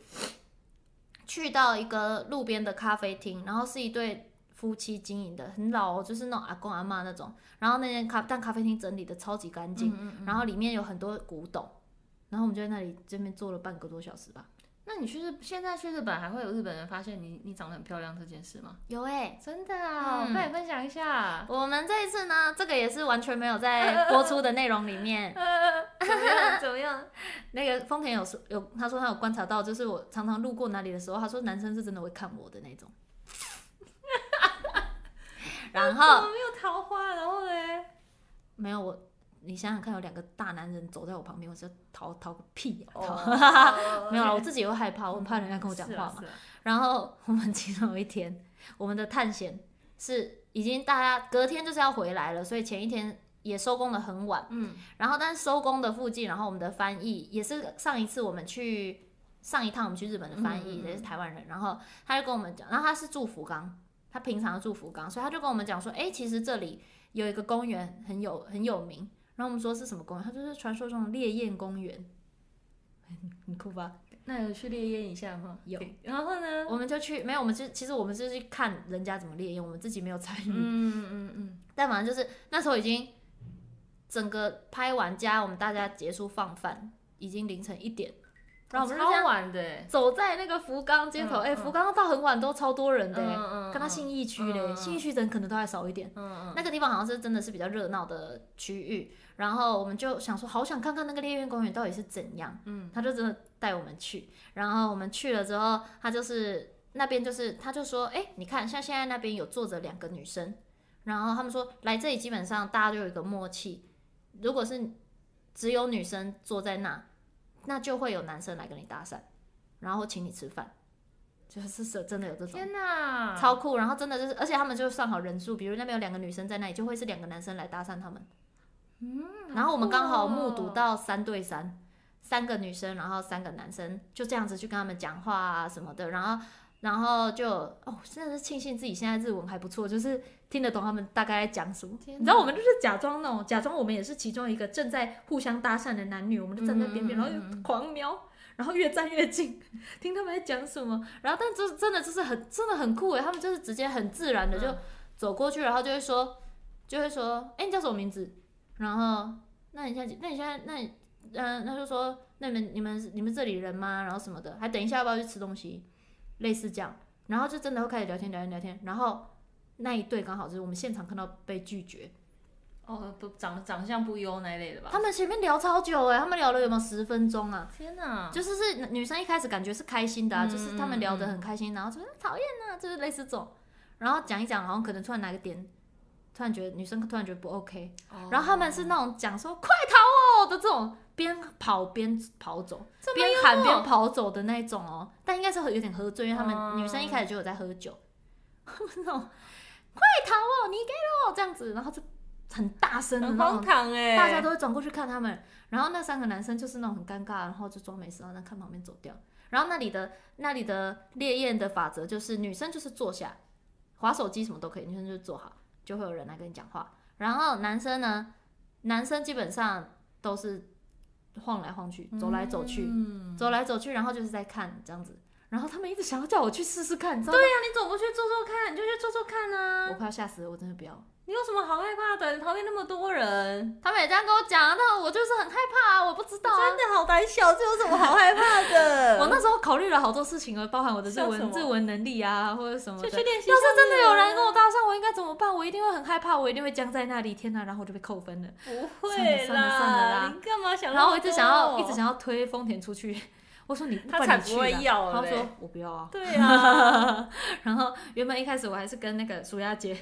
去到一個路邊的咖啡廳，然後是一對夫妻經營的，很老哦，就是那種阿公阿嬤那種，然後那間咖但咖啡廳整理得超級乾淨、嗯嗯嗯，然後裡面有很多古董。然後我們就在那裡對面坐了半個多小時吧。那你去日，現在去日本還會有日本人發現你你長得很漂亮這件事嗎？有哎、欸，真的啊、哦嗯，快也分享一下。我們這一次呢，這個也是完全沒有在播出的內容裡面。呃呃、怎麼樣？麼樣 <laughs> 那個豐田有說有，他說他有觀察到，就是我常常路過那裡的時候，他說男生是真的會看我的那種。 <laughs> <laughs> 然後、啊、怎麼沒有桃花，然後呢？沒有我。你想想看，有兩個大男人走在我旁邊，我就逃逃個屁啊！Oh, oh, okay. 沒有了，我自己又害怕，我很怕人家跟我講話嘛、啊啊。然後我們其中有一天，我們的探險是已經大家隔天就是要回來了，所以前一天也收工的很晚。嗯，然後但是收工的附近，然後我們的翻譯也是上一次我們去上一趟我們去日本的翻譯也、嗯、是台灣人，然後他就跟我們講，然後他是住福岡，他平常住福岡，所以他就跟我們講說，哎，其實這裡有一個公園很有很有名。然後我們說是什麼公園？他就是傳說中的烈焰公園。你酷哭吧。那有去烈焰一下嗎？有。Okay. 然後呢？我們就去，沒有，我們其實其實我們是去看人家怎麼烈焰，我們自己沒有參與。嗯嗯嗯嗯。但反正就是那時候已經整個拍完加我們大家結束放飯，已經凌晨一點。然後我們超晚的，走在那個福岡街頭，哎、哦欸，福岡到很晚都超多人的，看嗯，嗯，跟信義區的，信、嗯、義區人可能都還少一點、嗯嗯，那個地方好像是真的是比較熱鬧的區域，然後我們就想說，好想看看那個烈焰公園到底是怎樣，嗯，他就真的帶我們去、嗯，然後我們去了之後，他就是那邊就是他就說，哎、欸，你看，像現在那邊有坐着兩個女生，然後他們說來這裡基本上大家都有一個默契，如果是只有女生坐在那。那就會有男生來跟你搭訕，然後請你吃飯，就是是真的有這種，天哪，超酷！然後真的就是，而且他們就算好人數，比如那邊有兩個女生在那裡，就會是兩個男生來搭訕他們。嗯，哦、然後我們剛好目睹到三對三，三個女生，然後三個男生就這樣子去跟他們講話啊什麼的，然後。然後就哦，真的是慶幸自己現在日文還不錯，就是聽得懂他們大概在講什麼。你知道我們就是假裝那種，假裝我們也是其中一個正在互相搭訕的男女，我們就站在邊邊，嗯、然後就狂瞄，然後越站越近，聽他們在講什麼。然後，但就真的就是很真的很酷誒，他們就是直接很自然的就走過去，然後就會說就會說，哎、欸，你叫什麼名字？然後那你現在那你現在那你嗯，他、呃、就說那你們你們你們，你們這裡人嗎？然後什麼的，還等一下要不要去吃東西？類似這樣，然後就真的會開始聊天，聊天，聊天。然後那一對剛好就是我們現場看到被拒絕。哦，不，長長相不優那一類的吧？他們前面聊超久誒、欸，他們聊了有沒有十分鐘啊？天吶、啊，就是是女生一開始感覺是開心的啊，嗯、就是他們聊得很開心，嗯、然後怎討厭呢？就是類似這種，然後講一講，然後可能突然哪個點，突然覺得女生突然覺得不 OK，哦、然後他們是那種講說快逃哦的這種。邊跑邊跑走，邊喊邊跑走的那種哦、喔。但應該是有點喝醉，因為他們女生一開始就有在喝酒。那、oh. 種、 <laughs> no. 快逃哦，你給哦，這樣子，然後就很大聲的，很荒唐哎。大家都會轉過去看他們。然後那三個男生就是那種很尷尬，然後就裝沒事，然後看旁邊走掉。然後那裡的那裡的烈焰的法則就是女生就是坐下，滑手機什麼都可以，女生就坐好，就會有人來跟你講話。然後男生呢，男生基本上都是。晃來晃去，走來走去，嗯，走來走去，然後就是在看這樣子，然後他們一直想要叫我去試試看，對呀，啊，你走過去坐坐看，你就去坐坐看啊。我快要嚇死了，我真的不要。你有什麼好害怕的？旁邊那麼多人，他們也這樣跟我講，那我就是很害怕啊！我不知道、啊，真的好膽小，這有什麼好害怕的？ <laughs> 我那時候考慮了好多事情哦，包含我的自文自文能力啊，或者什麼的。就去練習、啊。要是真的有人跟我搭訕，我應該怎麼辦？我一定會很害怕，我一定會僵在那裡。天啊，然後我就被扣分了。不會啦，算了算了算了啦，你幹嘛想？然後我一直想要一直想要推豐田出去。我說你不怕要。去，他我說我不要啊。對啊， <laughs> 然後原本一開始我還是跟那個蘇亞姐。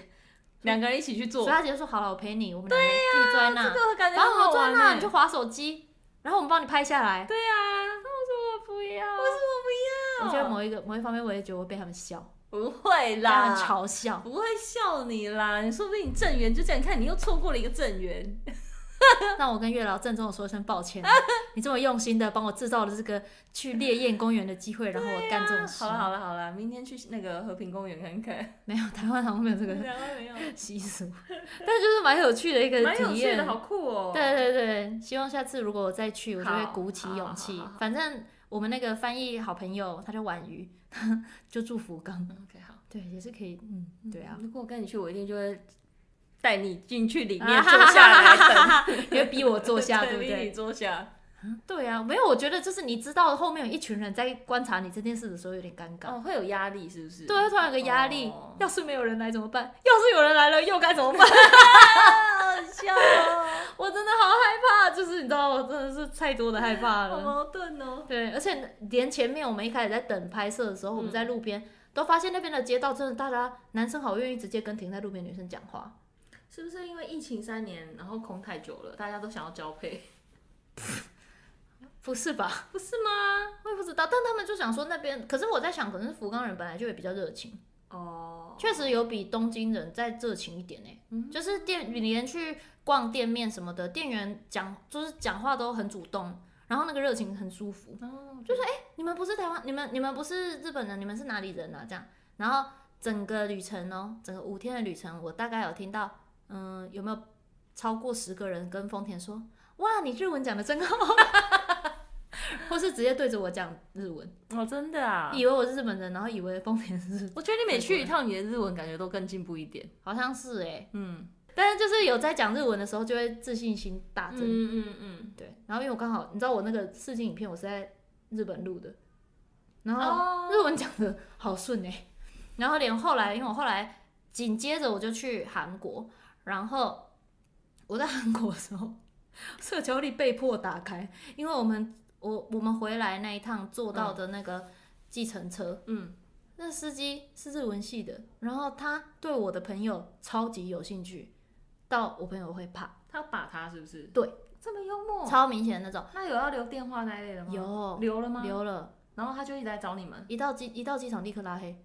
兩個人一起去做，所以他就說：“好了，我陪你，我們兩個自己磚那，然後、啊，這個、我磚那、啊，你就划手機，然後我們幫你拍下來。”對呀、啊，我說我不要，為什麼不要？我覺得某一個某一方面，我也覺得我會被他們笑。不會啦，被他們嘲笑。不會笑你啦，你說不定你正緣就這樣，你看你又錯過了一個正緣。讓 <laughs> 我跟月老鄭重的說一聲抱歉， <laughs> 你這麼用心的幫我製造了這個去烈焰公園的機會， <laughs> 然後我幹這種事。啊、好了好了好了，明天去那個和平公園看看。 <laughs> 沒有，台灣好像沒有這個習俗， <laughs> 但就是蠻有趣的一個體驗，好酷哦！對對對，希望下次如果我再去，我就會鼓起勇氣。反正我們那個翻譯好朋友，他叫宛瑜， <laughs> 就祝福剛剛。OK 好，對，也是可以，嗯，嗯對啊。如果我跟你去，我一定就會。帶你進去裡面坐下來等， <laughs> 也逼我坐下， <laughs> 對，對不對？你坐下，嗯。對啊，沒有，我覺得就是你知道後面有一群人在觀察你這件事的時候，有點尷尬，哦，會有壓力，是不是？對，突然有個壓力，哦，要是沒有人來怎麼辦？要是有人來了又該怎麼辦,？ <laughs> <laughs> <laughs> 笑我真的好害怕，就是你知道，我真的是太多的害怕了， <laughs> 好矛盾哦。對，而且連前面我們一開始在等拍攝的時候，嗯，我們在路邊都發現那邊的街道真的，大家男生好願意直接跟停在路邊的女生講話。是不是因為疫情三年，然後空太久了，大家都想要交配？ <laughs> 不是吧？不是嗎？我也不知道，但他們就想說那邊。可是我在想，可能是福岡人本來就會比較熱情哦，確、oh. 實有比東京人再熱情一點呢、欸。Mm -hmm. 就是店你連去逛店面什麼的，店員講就是講話都很主動，然後那個熱情很舒服。Oh. 就說哎、欸，你們不是台灣，你們你們不是日本人，你們是哪裡人啊？這樣，然後整個旅程哦、喔，整個五天的旅程，我大概有聽到。嗯，有沒有超過十個人跟豐田說：“哇，你日文講的真好！” <laughs> <laughs> 或是直接對着我講日文哦，oh, 真的啊，以為我是日本人，然後以為豐田是日。我覺得你每去一趟，你的日文感覺都更進步一點，好像是哎、欸。嗯，但是就是有在講日文的時候，就會自信心大增。嗯嗯嗯，對。然後因為我剛好，你知道我那個試鏡影片我是在日本錄的，然後日文講的好順哎、欸。Oh. 然後連後來，因為我後來緊接着我就去韓國。然後我在韓國的時候，社交力被迫打開，因為我們我我們回來那一趟坐到的那個計程車，嗯，那司機是日文系的，然後他對我的朋友超級有興趣，到我朋友會怕他把他，是不是？對，這麼幽默，超明顯的那種。那有要留電話那一類的嗎？有。留了嗎？留了。然後他就一直在找你們，一到機一到機場立刻拉黑。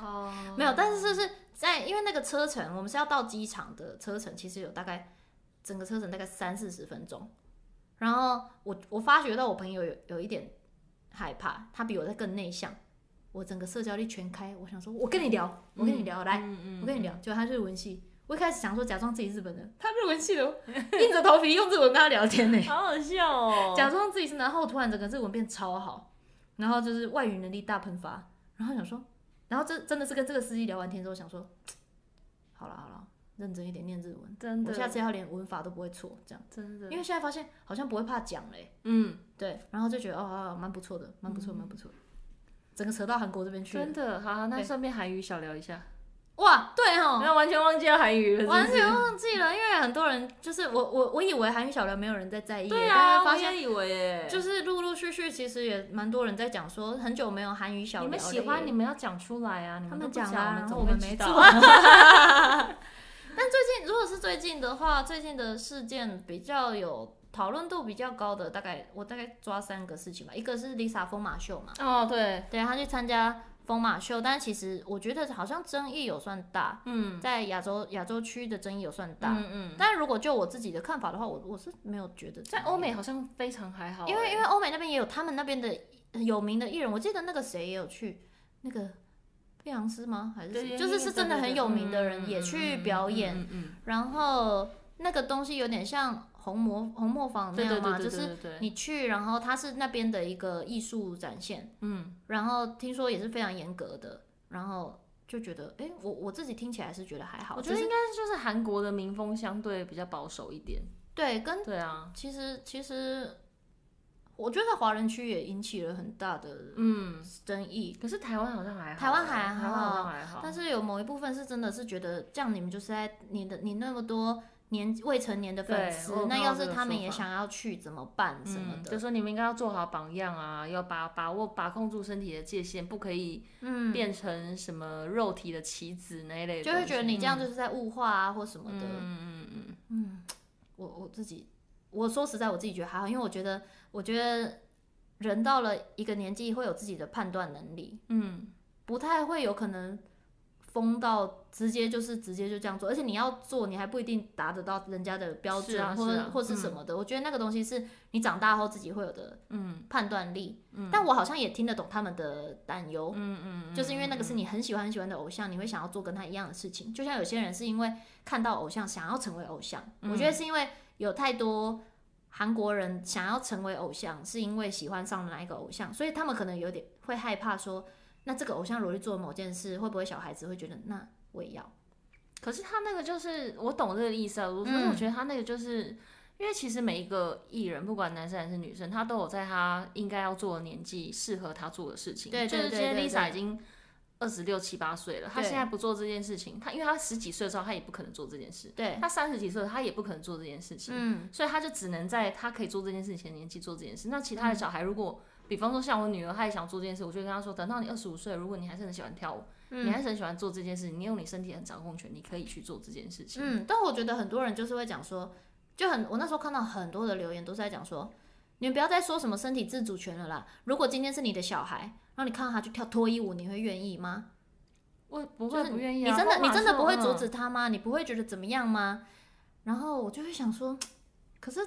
哦、oh. <laughs> 沒有，但是就是。在因為那個車程，我們是要到機場的車程，其實有大概整個車程大概三四十分鐘。然後我我發覺到我朋友有有一點害怕，他比我在更內向。我整個社交力全開，我想說我跟你聊，嗯、我跟你聊，來，嗯嗯嗯、我跟你聊。結果他就是日文系。我一開始想說假裝自己日本人，他是日文系的 <laughs> 硬着頭皮用日文跟他聊天呢、欸，好好笑哦。假裝自己是，然後突然整個日文變超好，然後就是外語能力大噴發，然後想說。然後這真的是跟這個司機聊完天之後，想說，好了好了，認真一點念日文，真的，我下次要連文法都不會錯，這樣真的，因為現在發現好像不會怕講嘞，嗯，對，然後就覺得哦蠻不錯的，蠻不錯，蠻、嗯、不錯，整個扯到韓國這邊去，真的，好，好，那順便韓娛小聊一下。欸哇，對哈，沒有完全忘記了韓語了，是不是完全忘記了？因為很多人就是我我我以為韓語小聊沒有人在在意，對啊，發現，我也以為，就是陸陸續續其實也蠻多人在講說很久沒有韓語小聊，你們喜歡你們要講出來啊，你們不講啊，他們講啊，我們後面沒做啊。 <laughs> <laughs> <laughs> 但最近，如果是最近的話，最近的事件比較有討論度比較高的，大概我大概抓三個事情吧，一個是 Lisa 瘋馬秀嘛，哦對，對，她去參加。瘋馬秀，但其實我覺得好像爭議有算大，嗯，在亞洲亞洲區的爭議有算大，嗯，嗯，但如果就我自己的看法的話，我我是沒有覺得在歐美好像非常還好，欸，因為因為歐美那邊也有他們那邊的有名的藝人，嗯，我記得那個誰也有去那個碧昂斯嗎？還是就是是真的很有名的人也去表演，嗯嗯嗯嗯嗯嗯，然後那個東西有點像。紅磨紅磨坊那樣嗎？對對對對對對對對，就是你去，然後它是那邊的一個藝術展現。嗯，然後聽說也是非常嚴格的，然後就覺得，哎、欸，我我自己聽起來是覺得還好。我覺得應該就是韓國的民風相對比較保守一點。對，跟對啊，其實其實我覺得在華人區也引起了很大的嗯爭議嗯。可是台灣好像還好啊，好像還好，台灣還好還好，但是有某一部分是真的是覺得這樣，你們就是在你的你那麼多年未成年的粉絲，那要是他們也想要去怎麼辦什麼的？嗯、就說、是、你們應該要做好榜樣啊，要把把握把控住身體的界限，不可以變成什麼肉體的棋子那一類。就會覺得你這樣就是在物化啊、嗯、或什麼的。嗯嗯嗯嗯，我我自己，我說實在，我自己覺得還好，因為我覺得我覺得人到了一個年紀會有自己的判斷能力，嗯，不太會有可能。瘋到直接就是直接就這樣做，而且你要做，你還不一定達得到人家的標準，啊、或是是、啊、或是什麼的、嗯。我覺得那個東西是你長大後自己會有的判斷力、嗯。但我好像也聽得懂他們的擔憂。嗯嗯，就是因為那個是你很喜歡很喜歡的偶像，你會想要做跟他一樣的事情。就像有些人是因為看到偶像想要成為偶像，嗯、我覺得是因為有太多韓國人想要成為偶像，是因為喜歡上哪一個偶像，所以他們可能有點會害怕說。那這個偶像如果去做某件事，會不會小孩子會覺得那我也要？可是他那個就是我懂這個意思啊，可、嗯、是我覺得他那個就是因為其實每一個藝人，不管男生還是女生，他都有在他應該要做的年紀適合他做的事情。對，對，就是現在 Lisa 已經26，對對對，二十六七八歲了，他現在不做這件事情，他因為他十幾歲的時候他也不可能做這件事，對他三十幾歲他也不可能做這件事情、嗯，所以他就只能在他可以做這件事情的年紀做這件事。那其他的小孩如果。嗯比方說，像我女兒，她也想做這件事，我就跟她說，等到你二十五歲，如果你還是很喜歡跳舞，嗯、你還是很喜歡做這件事情，你有你身體的掌控權，你可以去做這件事情。嗯，但我覺得很多人就是會講說，就很我那時候看到很多的留言都是在講說，你們不要再說什麼身體自主權了啦。如果今天是你的小孩，然後你看到他去跳脫衣舞，你會願意嗎？我不會不願意、啊，就是、你真的你真的不會阻止他嗎？你不會覺得怎麼樣嗎？然後我就會想說，可是。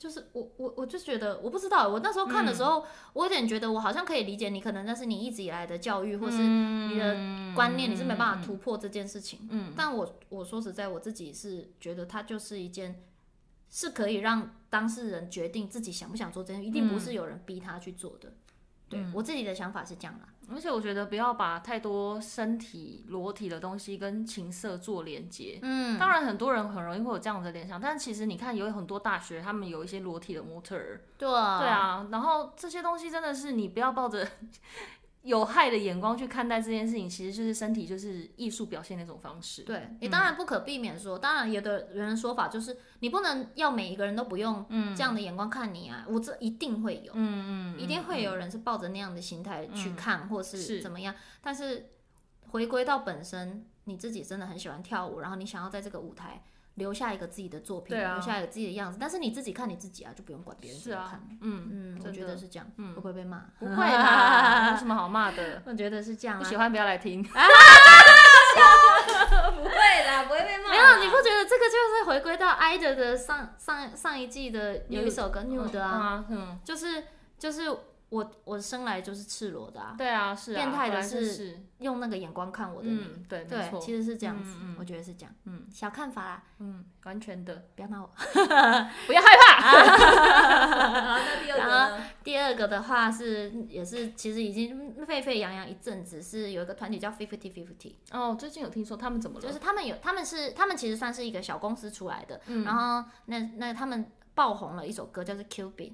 就是我我我就覺得我不知道，我那時候看的時候，嗯，我有點覺得我好像可以理解你，可能那是你一直以來的教育或是你的觀念，你是沒辦法突破這件事情。嗯，但我我說實在，我自己是覺得它就是一件是可以讓當事人決定自己想不想做這件事，一定不是有人逼他去做的。嗯。對，我自己的想法是這樣啦，而且我覺得不要把太多身體裸體的東西跟情色做連接。嗯，當然很多人很容易會有這樣的聯想，但其實你看有很多大學，他們有一些裸體的模特兒。對啊，對啊，然後這些東西真的是你不要抱着。 <laughs> 有害的眼光去看待這件事情，其實就是身體就是藝術表現的一種方式。對，你當然不可避免說，嗯、當然有的人的說法就是你不能要每一個人都不用這樣的眼光看你啊，嗯、我這一定會有，嗯嗯，嗯，一定會有人是抱着那樣的心態去看、嗯，或是怎麼樣。是，但是回歸到本身，你自己真的很喜歡跳舞，然後你想要在這個舞臺。留下一個自己的作品，啊，留下一個自己的樣子，但是你自己看你自己啊，就不用管別人怎麼看，欸，是啊。嗯嗯，我覺得是這樣。嗯，會不會被罵？不會啦，有，嗯啊，什麼好罵的？我覺得是這樣，啊。不喜歡不要來聽。啊！ <laughs> <laughs> 不會啦，不會被罵。沒有，你不覺得這個就是回歸到 Idle 的上上上一季的有一首歌 New 的啊，嗯，就是就是。我我生來就是赤裸的啊，對啊，是啊，變態的是用那個眼光看我的嗯，對，沒錯，對，其實是這樣子，嗯、我覺得是這樣嗯，嗯，小看法啦，嗯，完全的，不要罵我， <laughs> 不要害怕 <laughs> <laughs> <laughs> <laughs> <laughs> <laughs> 那。然後第二個呢？第二個的話是也是其實已經沸沸揚揚一陣子，是有一個團體叫 Fifty Fifty。哦，最近有聽說他們怎麼了？就是他們有他們是他們其實算是一個小公司出來的，嗯、然後那那他們。爆紅了一首歌，叫做《Cupid》。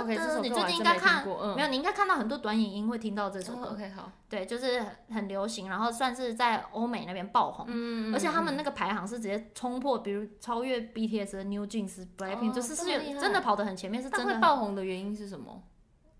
OK，你最近應該看沒過，嗯，沒有？你應該看到很多短影音，會聽到這首歌，哦，OK，好。對，就是很流行，然後算是在歐美那邊爆紅。嗯，而且他們那個排行是直接衝破，嗯嗯、比如超越 BTS、New Jeans Blackpink、哦，Blackpink，就是是真的跑得很前面。啊，是真的但會爆紅的原因是什麼？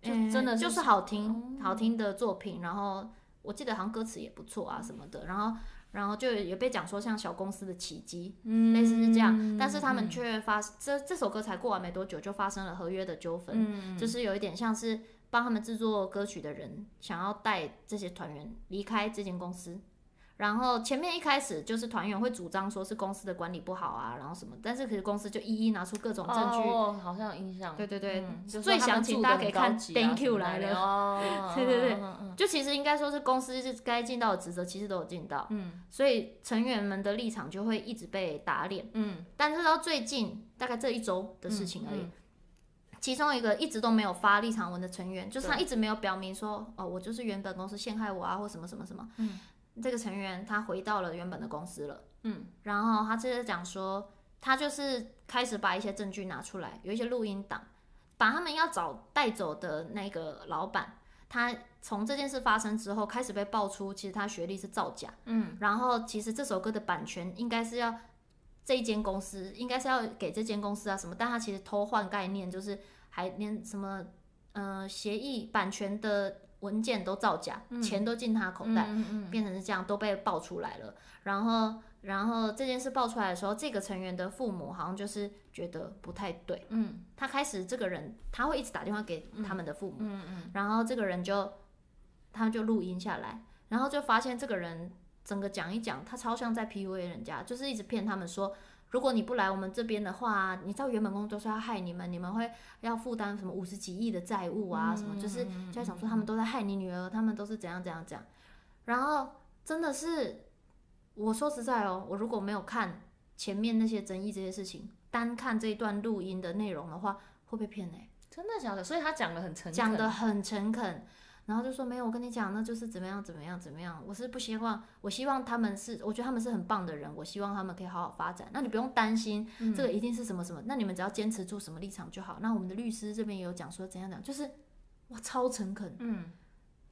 欸，真的是就是好聽，哦，好聽的作品，然後我記得好像歌詞也不錯啊什麼的，嗯，然後。然後就也被講說像小公司的奇蹟，嗯，類似是這樣，嗯，但是他們卻發這這首歌才過完沒多久就發生了合約的糾紛，嗯，就是有一點像是幫他們製作歌曲的人想要帶這些團員離開這間公司。然後前面一開始就是團員會主張說是公司的管理不好啊，然後什麼，但是可是公司就一一拿出各種證據，哦，好像有印象，對對對，最想請大家可以看 Thank You 來了。哦，對對對，對，對，對，嗯嗯，就其實應該說是公司是該盡到的職責，其實都有盡到。嗯，所以成員們的立場就會一直被打臉。嗯，但是到最近大概這一周的事情而已，嗯嗯，其中一個一直都沒有發立場文的成員，嗯，就是他一直沒有表明說，哦，我就是原本公司陷害我啊，或什麼什麼什麼。嗯這個成員他回到了原本的公司了，嗯，然後他就是講說，他就是開始把一些證據拿出來，有一些錄音檔，把他們要找帶走的那個老闆，他從這件事發生之後開始被爆出，其實他學歷是造假，嗯，然後其實這首歌的版權應該是要這一間公司，應該是要給這間公司啊什麼，但他其實偷換概念，就是還連什麼，呃，協議版權的。文件都造假，錢都進他口袋，嗯，變成是這樣，都被爆出來了，嗯嗯。然後，然後這件事爆出來的時候，這個成員的父母好像就是覺得不太對。嗯，他開始這個人他會一直打電話給他們的父母，嗯，嗯，嗯，然後這個人就他就錄音下來，然後就發現這個人整個講一講，他超像在 PUA 人家，就是一直騙他們說。如果你不來我們這邊的話，你知道原本工作說要害你們，你們會要負擔什麼五十幾億的債務啊，什麼、嗯、就是就在想說他們都在害你女兒，他們都是怎樣怎樣怎樣。然後真的是，我說實在哦，我如果沒有看前面那些爭議這些事情，單看這一段錄音的內容的話，會被騙哎、欸，真的假的？所以他講得很誠，誠，講得很誠懇。然後就說沒有，我跟你講，那就是怎麼樣怎麼樣怎麼樣。我是不希望，我希望他們是，我覺得他們是很棒的人，我希望他們可以好好發展。那你不用擔心，嗯、這個一定是什麼什麼。那你們只要堅持住什麼立場就好。那我們的律師這邊也有講說怎樣講，就是哇，超誠懇，嗯，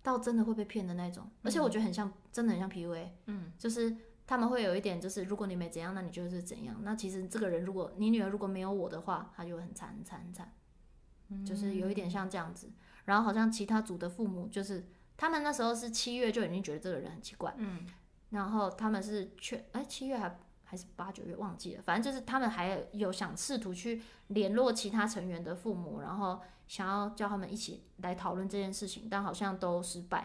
到真的會被騙的那種。而且我覺得很像，嗯、真的很像 PUA，嗯，就是他們會有一點，就是如果你沒怎樣，那你就是怎樣。那其實這個人，如果你女兒如果沒有我的話，她就會很慘很慘很慘，很慘、嗯，就是有一點像這樣子。然後好像其他組的父母就是他們那時候是七月就已經覺得這個人很奇怪，嗯，然後他們是去哎七月還還是八九月忘記了，反正就是他們還有想試圖去聯絡其他成員的父母，嗯，然後想要叫他們一起來討論這件事情，但好像都失敗，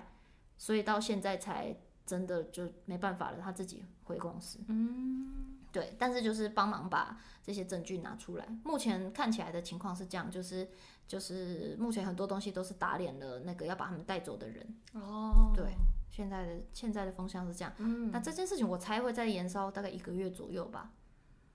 所以到現在才真的就沒辦法了，他自己回公司，嗯，對，但是就是幫忙把這些證據拿出來，目前看起來的情況是這樣，就是。就是目前很多東西都是打臉了那個要把他們帶走的人哦，oh. 對，現在的現在的風向是這樣，嗯，那這件事情我才會再延燒大概一個月左右吧，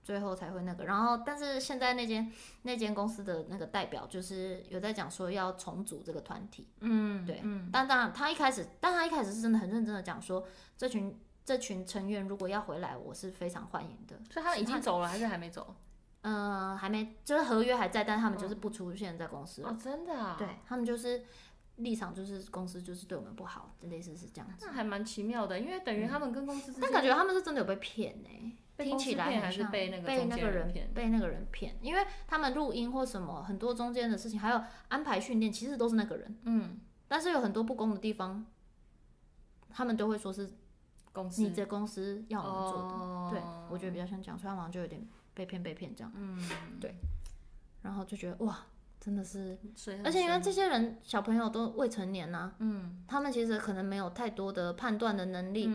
最後才會那個，然後但是現在那間那間公司的那個代表就是有在講說要重組這個團體，嗯，對，嗯，但當然他一開始，但他一開始是真的很認真的講說，這群這群成員如果要回來，我是非常歡迎的，所以他們已經走了是還是還沒走？嗯、呃，還沒，就是合約還在，但他們就是不出現在公司、嗯、哦，真的啊？哦？對他們就是立場就是公司就是對我們不好，類似是這樣子。那還蠻奇妙的，因為等於他們跟公司、嗯，但感覺他們是真的有被騙呢。聽起來還是被那個被那個人騙，被那個人騙，因為他們錄音或什麼很多中間的事情，還有安排訓練，其實都是那個人。嗯，但是有很多不公的地方，他們都會說是公司，你這公司要我們做的。哦。對，我覺得比較像講出來，好像就有點。被騙被騙，這樣，嗯，對，然後就覺得哇，真的是，而且因為這些人小朋友都未成年啊，嗯，他們其實可能沒有太多的判斷的能力，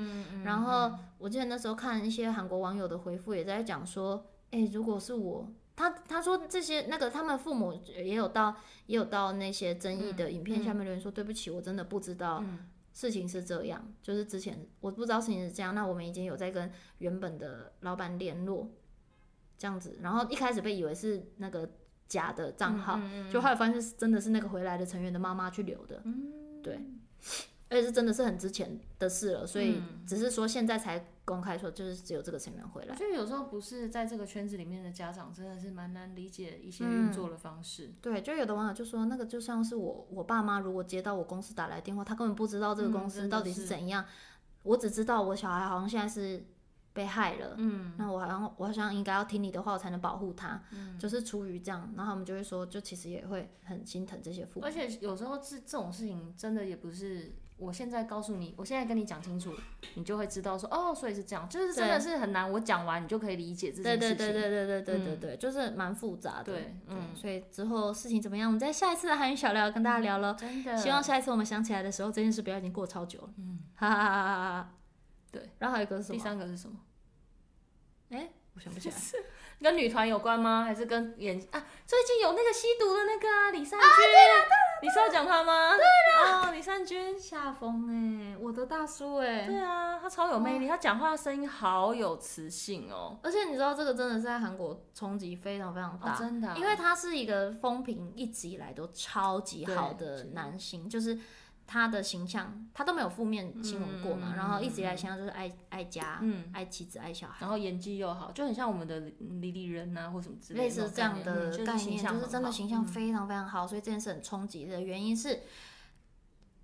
然後我記得那時候看一些韓國網友的回復，也在講說，誒，如果是我，他他說這些那個他們父母也有到也有到那些爭議的影片下面留言說，對不起，我真的不知道事情是這樣，就是之前我不知道事情是這樣，那我們已經有在跟原本的老闆聯絡。這樣子，然後一開始被以為是那個假的賬號，嗯，就後來發現真的是那個回來的成員的媽媽去留的，嗯，對，而且是真的是很之前的事了，所以只是說現在才公開說，就是只有這個成員回來，嗯。就有時候不是在這個圈子裡面的家長，真的是蠻難理解一些運作的方式，嗯。對，就有的網友就說，那個就像是我我爸媽如果接到我公司打來電話，他根本不知道這個公司到底是怎樣，嗯、我只知道我小孩好像現在是。被害了，嗯，那我好像，我好像應該要聽你的話，我才能保護他、嗯，就是出於這樣，然後他們就會說，就其實也會很心疼這些父母，而且有時候這這種事情，真的也不是，我現在告訴你，我現在跟你講清楚，你就會知道說，哦，所以是這樣，就是真的是很難，我講完你就可以理解自己的事情，對對對對對對對對、嗯、就是蠻複雜的，對，嗯對，所以之後事情怎麼樣，我們再下一次的韓娛小聊跟大家聊了，真的，希望下一次我們想起來的時候，這件事不要已經過超久了，嗯，哈哈哈哈哈哈。對，然後還有一個是什麼？第三個是什麼？哎、欸，我想不起來。是 <laughs> 跟女團有關嗎？還是跟演啊？最近有那個吸毒的那個、啊、李善均、啊，你是要講他嗎？對啊、哦，李善均，夏風哎、欸，我的大叔哎、欸，對啊，他超有魅力，哦、他講話聲音好有磁性哦、喔。而且你知道這個真的是在韓國衝擊非常非常大，哦、真的、啊，因為他是一個風評一直以來都超級好的男星，就是。他的形象，他都沒有負面形容過嘛、嗯，然後一直以來形象就是愛、嗯、愛家、嗯、愛妻子、愛小孩，然後演技又好，就很像我們的李李仁啊或什麼之類的，類似這樣的概念，嗯，就是、就是真的形象非常非常好、嗯，所以這件事很衝擊的原因是，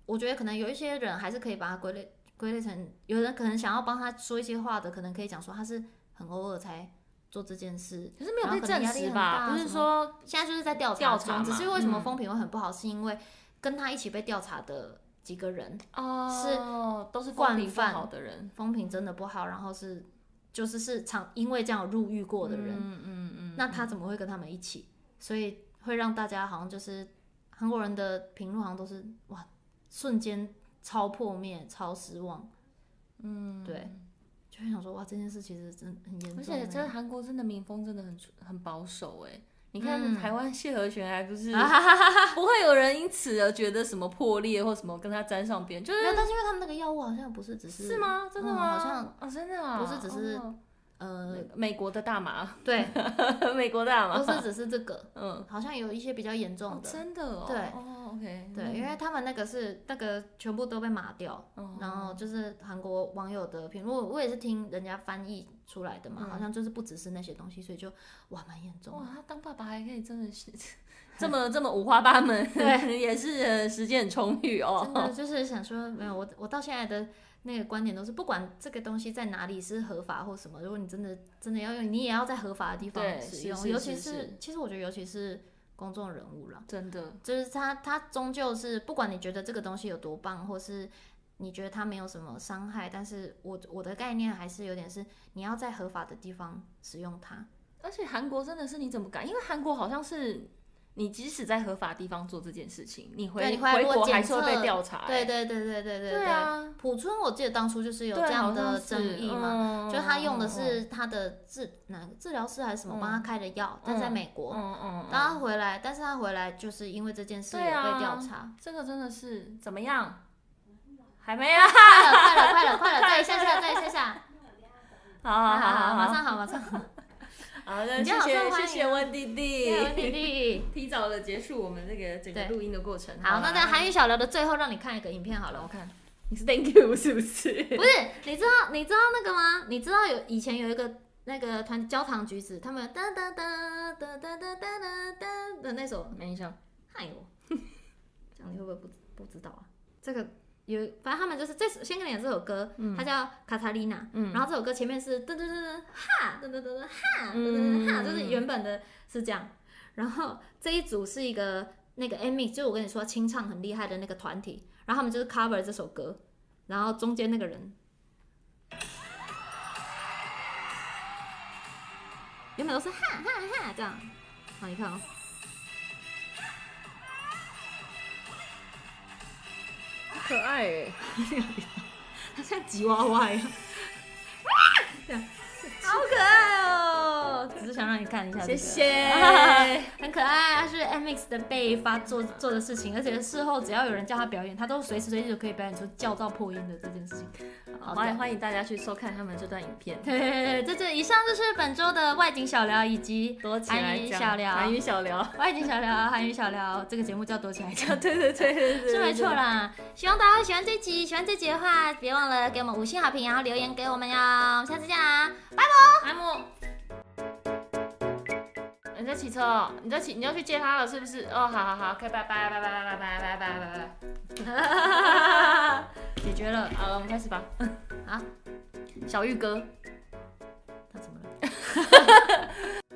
我覺得可能有一些人還是可以把他歸類歸類成，有人可能想要幫他說一些話的，可能可以講說他是很偶爾才做這件事，可是沒有被證實吧？不、啊、是說現在就是在調查，調查只是為什麼風評會很不好，嗯、是因為。跟他一起被調查的幾個人哦，是都是慣犯的人，風評真的不好。然後是就是是常因為這樣入獄過的人，嗯嗯嗯。那他怎麼會跟他們一起？所以會讓大家好像就是韓國人的評論好像都是哇，瞬間超破滅，超失望。嗯，對，就會想說哇，這件事其實真的很嚴重。而且這韓國真的民風真的很很保守誒。你看台灣謝和弦還不是，不會有人因此而覺得什麼破裂或什麼跟他沾上邊，就是、嗯、 <laughs> 就是但是因為他們那個藥物好像不是只是，是嗎？真的嗎？嗯、好像啊、oh，真的不是只是、oh。No. 呃，美國的大麻，對， <laughs> 美國大麻都是只是這個，嗯，好像有一些比較嚴重的、哦，真的哦，對，哦、okay, 對、嗯，因為他們那個是那個全部都被碼掉、嗯，然後就是韓國網友的評論、嗯，我也是聽人家翻譯出來的嘛、嗯，好像就是不只是那些東西，所以就哇蠻嚴重的，哇，他當爸爸還可以真的是這麼 <laughs> 這麼五花八門，對， <laughs> <laughs> 也是時間很充裕哦，真的，就是想說沒有我我到現在的。那個觀點都是不管這個東西在哪裡是合法或什麼，如果你真的真的要用，你也要在合法的地方使用。是是是是，尤其是，其實我覺得尤其是公眾人物啦，真的就是他他終究是，不管你覺得這個東西有多棒，或是你覺得他沒有什麼傷害，但是我我的概念還是有點是你要在合法的地方使用它。而且韓國真的是你怎麼敢？因為韓國好像是。你即使在合法地方做這件事情，你回你來過回國還是被調查、欸。對對對對對對對啊！朴春，我記得當初就是有這樣的爭議嘛，嗯、就是、他用的是他的治哪、嗯、治療師還是什麼幫、嗯、他開的藥，他、嗯、在美國、嗯嗯嗯，當他回來、嗯，但是他回來就是因為這件事也被調查、啊。這個真的是怎麼樣？還沒有、啊？快了快了快了快了！對， <laughs> 再一下一下再一下一下 <laughs> 好好好、啊。好好好好，馬上好馬上好。 <laughs> 好，就謝謝你好受歡迎，啊、謝謝溫弟弟，溫弟弟提早的結束我們這個整個錄音的過程。好，好，那在韓娛小聊的最後，讓你看一個影片，好了我看，你是 Thank you 是不是？不是，你知道你知道那個嗎？你知道有以前有一個那個團焦糖橘子，他們噠噠噠噠噠噠噠噠的那首沒印象。害我， <laughs> 這樣你會不會不不知道啊？這個。有，反正他們就是這首先跟你講這首歌，它叫卡塔麗娜。然後這首歌前面是噔噔噔噔哈，噔噔噔噔哈，噔噔噔哈，就是原本的是這樣。然後這一組是一個那個 Amy，就我跟你說清唱很厲害的那個團體。然後他們就是 cover 這首歌，然後中間那個人原本都是哈哈哈這樣。好，你看哦。可愛、欸，它像吉娃娃一樣，這 <laughs> 樣、啊。好可愛哦、喔！ <laughs> 只是想讓你看一下、這個，謝謝、哎，很可愛。是 MX 的被發做做的事情，而且事後只要有人叫他表演，他都隨時隨地就可以表演出叫造破音的這件事情。好，也歡，歡迎大家去收看他們這段影片。對對，對對，這這以上就是本周的外景小聊以及韓語小聊，韓語小聊，外景小聊，韓語小聊。這個節目叫《躲起來講》 <laughs> 對對對對對對對，對對對對，是沒錯啦。希望大家喜歡這集，喜歡這集的話，別忘了給我們五星好評，然後留言給我們喲。我們下次見啦。M、喔。你在騎車，你在騎，你要去接他了，是不是？哦、oh,，好好好，可以，拜拜，拜拜，拜拜，拜拜，拜拜，拜拜。解決了，okay. 好了，我們開始吧。啊，小煜哥， <laughs> 他怎麼了？ <laughs>